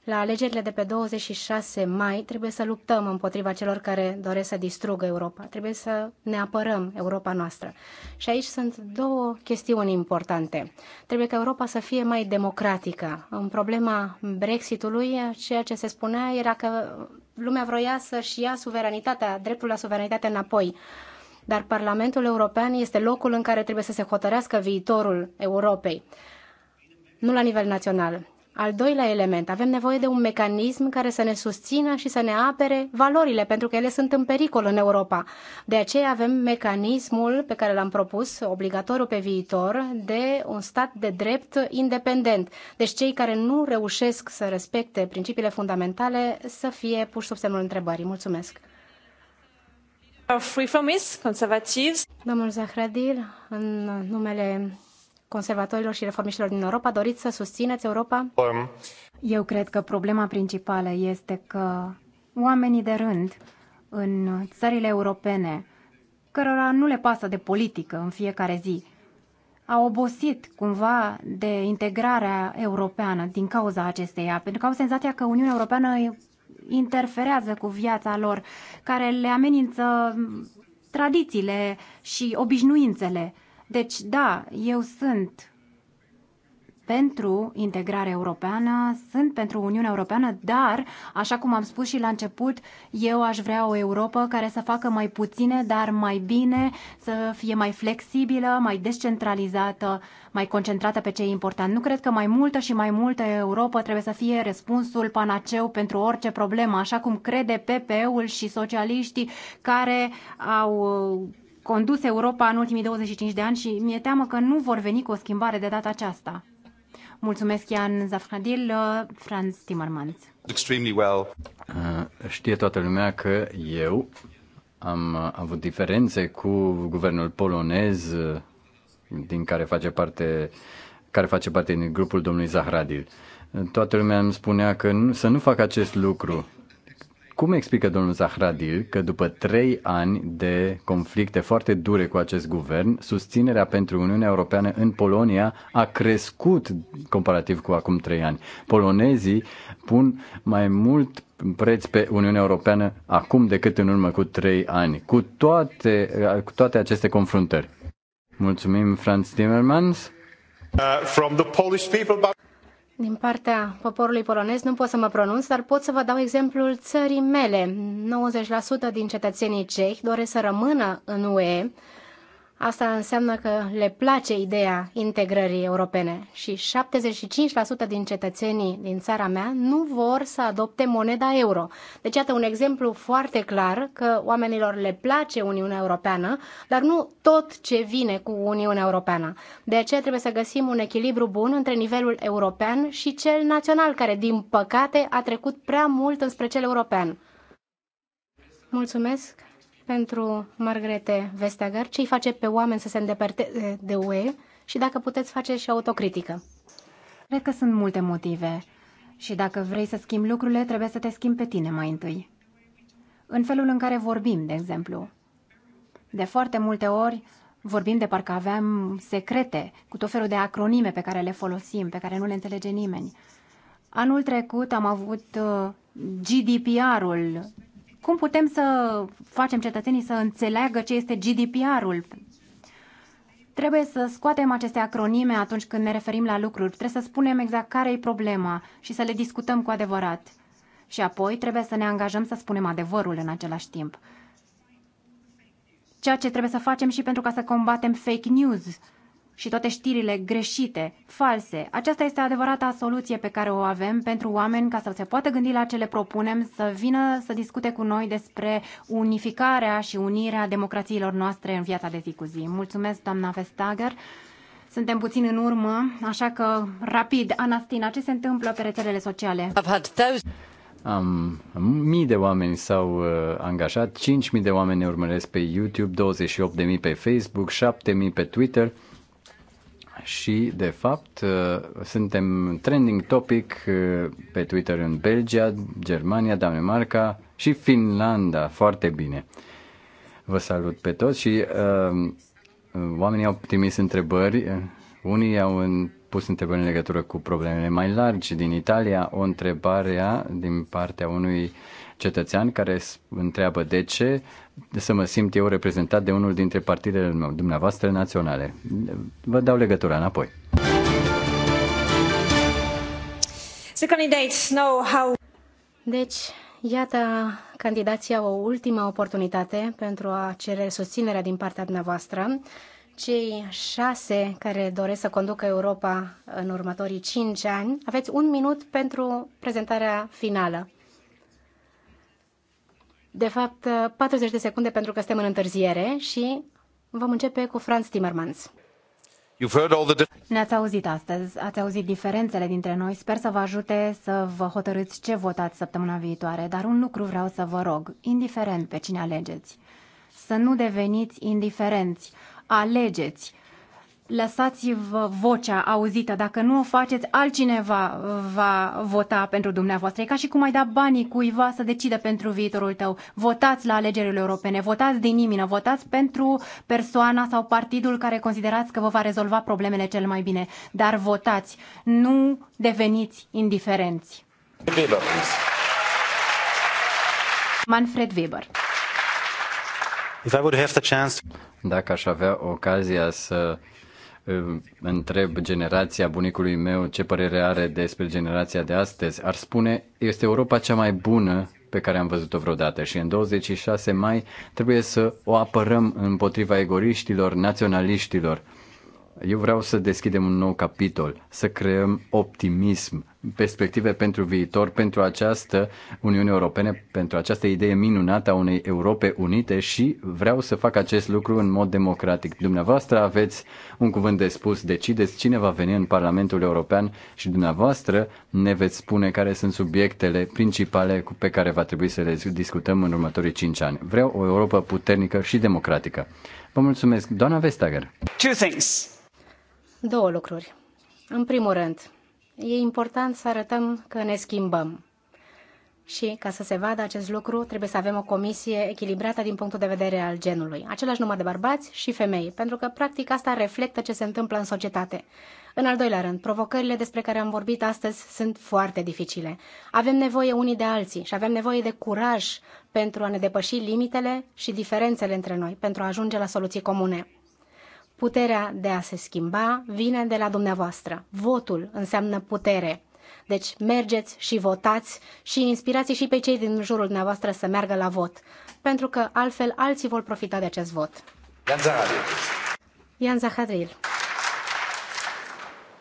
La alegerile de pe 26 mai trebuie să luptăm împotriva celor care doresc să distrugă Europa. Trebuie să ne apărăm Europa noastră. Și aici sunt două chestiuni importante. Trebuie ca Europa să fie mai democratică. În problema Brexitului, ceea ce se spunea era că lumea vroia să-și ia suveranitatea, dreptul la suveranitate înapoi dar Parlamentul European este locul în care trebuie să se hotărească viitorul Europei, nu la nivel național. Al doilea element, avem nevoie de un mecanism care să ne susțină și să ne apere valorile, pentru că ele sunt în pericol în Europa. De aceea avem mecanismul pe care l-am propus, obligatoriu pe viitor, de un stat de drept independent. Deci cei care nu reușesc să respecte principiile fundamentale să fie puși sub semnul întrebării. Mulțumesc! Free from Domnul Zahradil, în numele conservatorilor și reformiștilor din Europa, doriți să susțineți Europa? Um. Eu cred că problema principală este că oamenii de rând în țările europene, cărora nu le pasă de politică în fiecare zi, au obosit cumva de integrarea europeană din cauza acesteia, pentru că au senzația că Uniunea Europeană interferează cu viața lor, care le amenință tradițiile și obișnuințele. Deci, da, eu sunt pentru integrare europeană, sunt pentru Uniunea Europeană, dar, așa cum am spus și la început, eu aș vrea o Europa care să facă mai puține, dar mai bine, să fie mai flexibilă, mai descentralizată, mai concentrată pe ce e important. Nu cred că mai multă și mai multă Europa trebuie să fie răspunsul panaceu pentru orice problemă, așa cum crede PP-ul și socialiștii care au condus Europa în ultimii 25 de ani și mi-e teamă că nu vor veni cu o schimbare de data aceasta. Mulțumesc, Ian Zafradil, uh, Franz Timmermans. Extremely well. Uh, știe toată lumea că eu am uh, avut diferențe cu guvernul polonez din care face parte care face parte din grupul domnului Zahradil. Toată lumea îmi spunea că nu, să nu fac acest lucru. Cum explică domnul Zahradil că după trei ani de conflicte foarte dure cu acest guvern, susținerea pentru Uniunea Europeană în Polonia a crescut comparativ cu acum trei ani? Polonezii pun mai mult preț pe Uniunea Europeană acum decât în urmă cu trei ani, cu toate, cu toate aceste confruntări. Mulțumim, Franz Timmermans. Uh, from the Polish people, but din partea poporului polonez nu pot să mă pronunț, dar pot să vă dau exemplul țării mele. 90% din cetățenii cehi doresc să rămână în UE, Asta înseamnă că le place ideea integrării europene și 75% din cetățenii din țara mea nu vor să adopte moneda euro. Deci, iată un exemplu foarte clar că oamenilor le place Uniunea Europeană, dar nu tot ce vine cu Uniunea Europeană. De aceea trebuie să găsim un echilibru bun între nivelul european și cel național, care, din păcate, a trecut prea mult înspre cel european. Mulțumesc! pentru Margrete Vestager, ce îi face pe oameni să se îndepărteze eh, de UE și dacă puteți face și autocritică. Cred că sunt multe motive și dacă vrei să schimbi lucrurile, trebuie să te schimbi pe tine mai întâi. În felul în care vorbim, de exemplu. De foarte multe ori vorbim de parcă aveam secrete, cu tot felul de acronime pe care le folosim, pe care nu le înțelege nimeni. Anul trecut am avut eh, GDPR-ul cum putem să facem cetățenii să înțeleagă ce este GDPR-ul? Trebuie să scoatem aceste acronime atunci când ne referim la lucruri. Trebuie să spunem exact care e problema și să le discutăm cu adevărat. Și apoi trebuie să ne angajăm să spunem adevărul în același timp. Ceea ce trebuie să facem și pentru ca să combatem fake news și toate știrile greșite, false. Aceasta este adevărata soluție pe care o avem pentru oameni ca să se poată gândi la ce le propunem, să vină să discute cu noi despre unificarea și unirea democrațiilor noastre în viața de zi cu zi. Mulțumesc, doamna Vestager. Suntem puțin în urmă, așa că rapid, Anastina, ce se întâmplă pe rețelele sociale? Am mii de oameni s-au uh, angajat, 5.000 de oameni ne urmăresc pe YouTube, 28.000 pe Facebook, 7.000 pe Twitter și, de fapt, uh, suntem trending topic uh, pe Twitter în Belgia, Germania, Danemarca și Finlanda. Foarte bine. Vă salut pe toți și uh, oamenii au trimis întrebări. Unii au pus întrebări în legătură cu problemele mai largi din Italia. O întrebare din partea unui uh, cetățean care întreabă de ce să mă simt eu reprezentat de unul dintre partidele dumneavoastră naționale. Vă dau legătura înapoi. Deci, iată candidații au o ultimă oportunitate pentru a cere susținerea din partea dumneavoastră. Cei șase care doresc să conducă Europa în următorii cinci ani, aveți un minut pentru prezentarea finală. De fapt, 40 de secunde pentru că suntem în întârziere și vom începe cu Franz Timmermans. The... Ne-ați auzit astăzi, ați auzit diferențele dintre noi. Sper să vă ajute să vă hotărâți ce votați săptămâna viitoare, dar un lucru vreau să vă rog, indiferent pe cine alegeți, să nu deveniți indiferenți. Alegeți! lăsați-vă vocea auzită. Dacă nu o faceți, altcineva va vota pentru dumneavoastră. E ca și cum ai da banii cuiva să decide pentru viitorul tău. Votați la alegerile europene, votați din inimă, votați pentru persoana sau partidul care considerați că vă va rezolva problemele cel mai bine. Dar votați, nu deveniți indiferenți. Weber, Manfred Weber. If I would have the chance... Dacă aș avea ocazia să întreb generația bunicului meu ce părere are despre generația de astăzi, ar spune este Europa cea mai bună pe care am văzut-o vreodată și în 26 mai trebuie să o apărăm împotriva egoriștilor, naționaliștilor. Eu vreau să deschidem un nou capitol, să creăm optimism, perspective pentru viitor, pentru această Uniune Europene, pentru această idee minunată a unei Europe unite și vreau să fac acest lucru în mod democratic. Dumneavoastră aveți un cuvânt de spus, decideți cine va veni în Parlamentul European și dumneavoastră ne veți spune care sunt subiectele principale pe care va trebui să le discutăm în următorii cinci ani. Vreau o Europa puternică și democratică. Vă mulțumesc, doamna Vestager. Two things două lucruri. În primul rând, e important să arătăm că ne schimbăm. Și ca să se vadă acest lucru, trebuie să avem o comisie echilibrată din punctul de vedere al genului. Același număr de bărbați și femei, pentru că practic asta reflectă ce se întâmplă în societate. În al doilea rând, provocările despre care am vorbit astăzi sunt foarte dificile. Avem nevoie unii de alții și avem nevoie de curaj pentru a ne depăși limitele și diferențele între noi, pentru a ajunge la soluții comune. Puterea de a se schimba vine de la dumneavoastră. Votul înseamnă putere. Deci mergeți și votați și inspirați și pe cei din jurul dumneavoastră să meargă la vot, pentru că altfel alții vor profita de acest vot. Ian Zahadril. Ian Zahadril.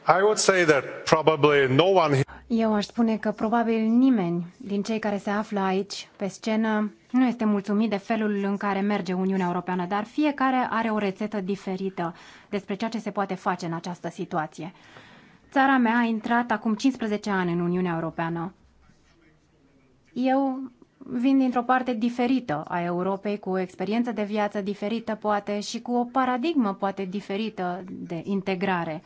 I would say that probably no one... Eu aș spune că probabil nimeni din cei care se află aici, pe scenă, nu este mulțumit de felul în care merge Uniunea Europeană, dar fiecare are o rețetă diferită despre ceea ce se poate face în această situație. Țara mea a intrat acum 15 ani în Uniunea Europeană. Eu vin dintr-o parte diferită a Europei, cu o experiență de viață diferită, poate, și cu o paradigmă, poate, diferită de integrare –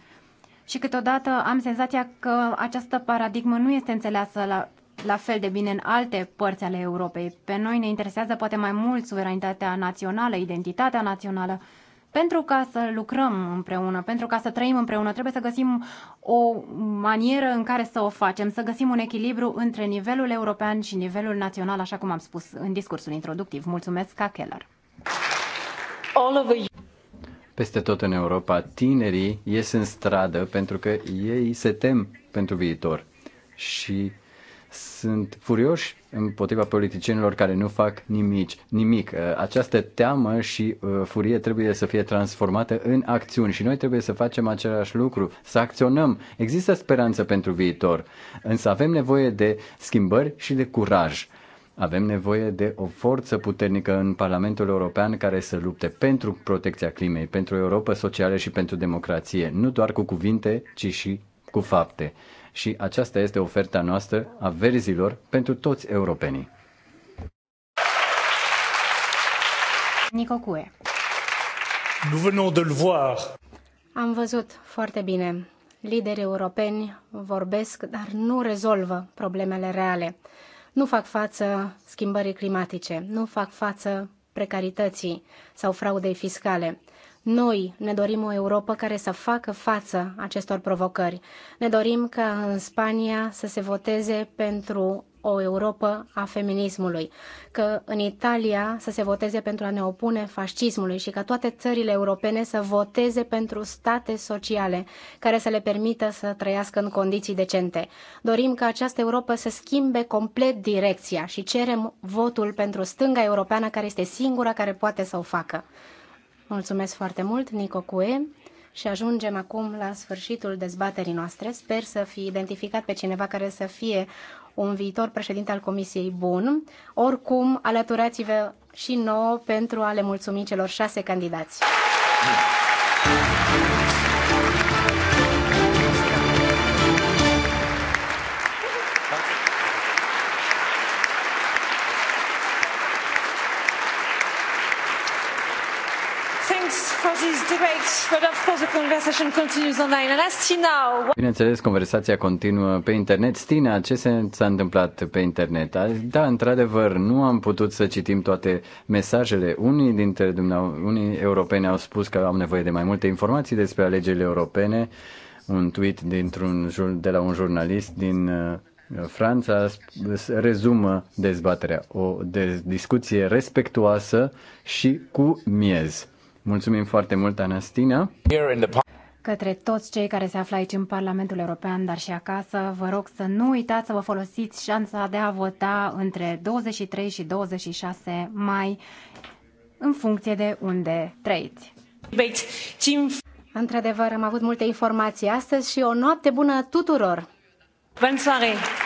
și câteodată am senzația că această paradigmă nu este înțeleasă la, la fel de bine în alte părți ale Europei. Pe noi ne interesează poate mai mult suveranitatea națională, identitatea națională, pentru ca să lucrăm împreună, pentru ca să trăim împreună, trebuie să găsim o manieră în care să o facem, să găsim un echilibru între nivelul european și nivelul național, așa cum am spus în discursul introductiv. Mulțumesc, Kakeller. Peste tot în Europa, tinerii ies în stradă pentru că ei se tem pentru viitor și sunt furioși împotriva politicienilor care nu fac nimic. nimic. Uh, această teamă și uh, furie trebuie să fie transformată în acțiuni și noi trebuie să facem același lucru, să acționăm. Există speranță pentru viitor, însă avem nevoie de schimbări și de curaj. Avem nevoie de o forță puternică în Parlamentul European care să lupte pentru protecția climei, pentru Europa socială și pentru democrație, nu doar cu cuvinte, ci și cu fapte. Și aceasta este oferta noastră a verzilor pentru toți europenii. Nico Cue. Nous venons de le voir. Am văzut foarte bine. Liderii europeni vorbesc, dar nu rezolvă problemele reale nu fac față schimbării climatice, nu fac față precarității sau fraudei fiscale. Noi ne dorim o Europa care să facă față acestor provocări. Ne dorim ca în Spania să se voteze pentru o Europa a feminismului, că în Italia să se voteze pentru a ne opune fascismului și ca toate țările europene să voteze pentru state sociale care să le permită să trăiască în condiții decente. Dorim ca această Europa să schimbe complet direcția și cerem votul pentru stânga europeană care este singura care poate să o facă. Mulțumesc foarte mult, Nico Cue. Și ajungem acum la sfârșitul dezbaterii noastre. Sper să fi identificat pe cineva care să fie un viitor președinte al Comisiei bun. Oricum, alăturați-vă și nouă pentru a le mulțumi celor șase candidați. Mm. Bineînțeles, conversația continuă pe internet. Stina, ce s-a întâmplat pe internet? Da, într-adevăr, nu am putut să citim toate mesajele. Unii dintre dumneavoastră, unii europeni au spus că au nevoie de mai multe informații despre alegerile europene. Un tweet dintr-un, de la un jurnalist din uh, Franța rezumă dezbaterea, o discuție respectuoasă și cu miez. Mulțumim foarte mult, Anastina. Către toți cei care se află aici în Parlamentul European, dar și acasă, vă rog să nu uitați să vă folosiți șansa de a vota între 23 și 26 mai, în funcție de unde trăiți. Într-adevăr, am avut multe informații astăzi și o noapte bună tuturor! Bonne soirée!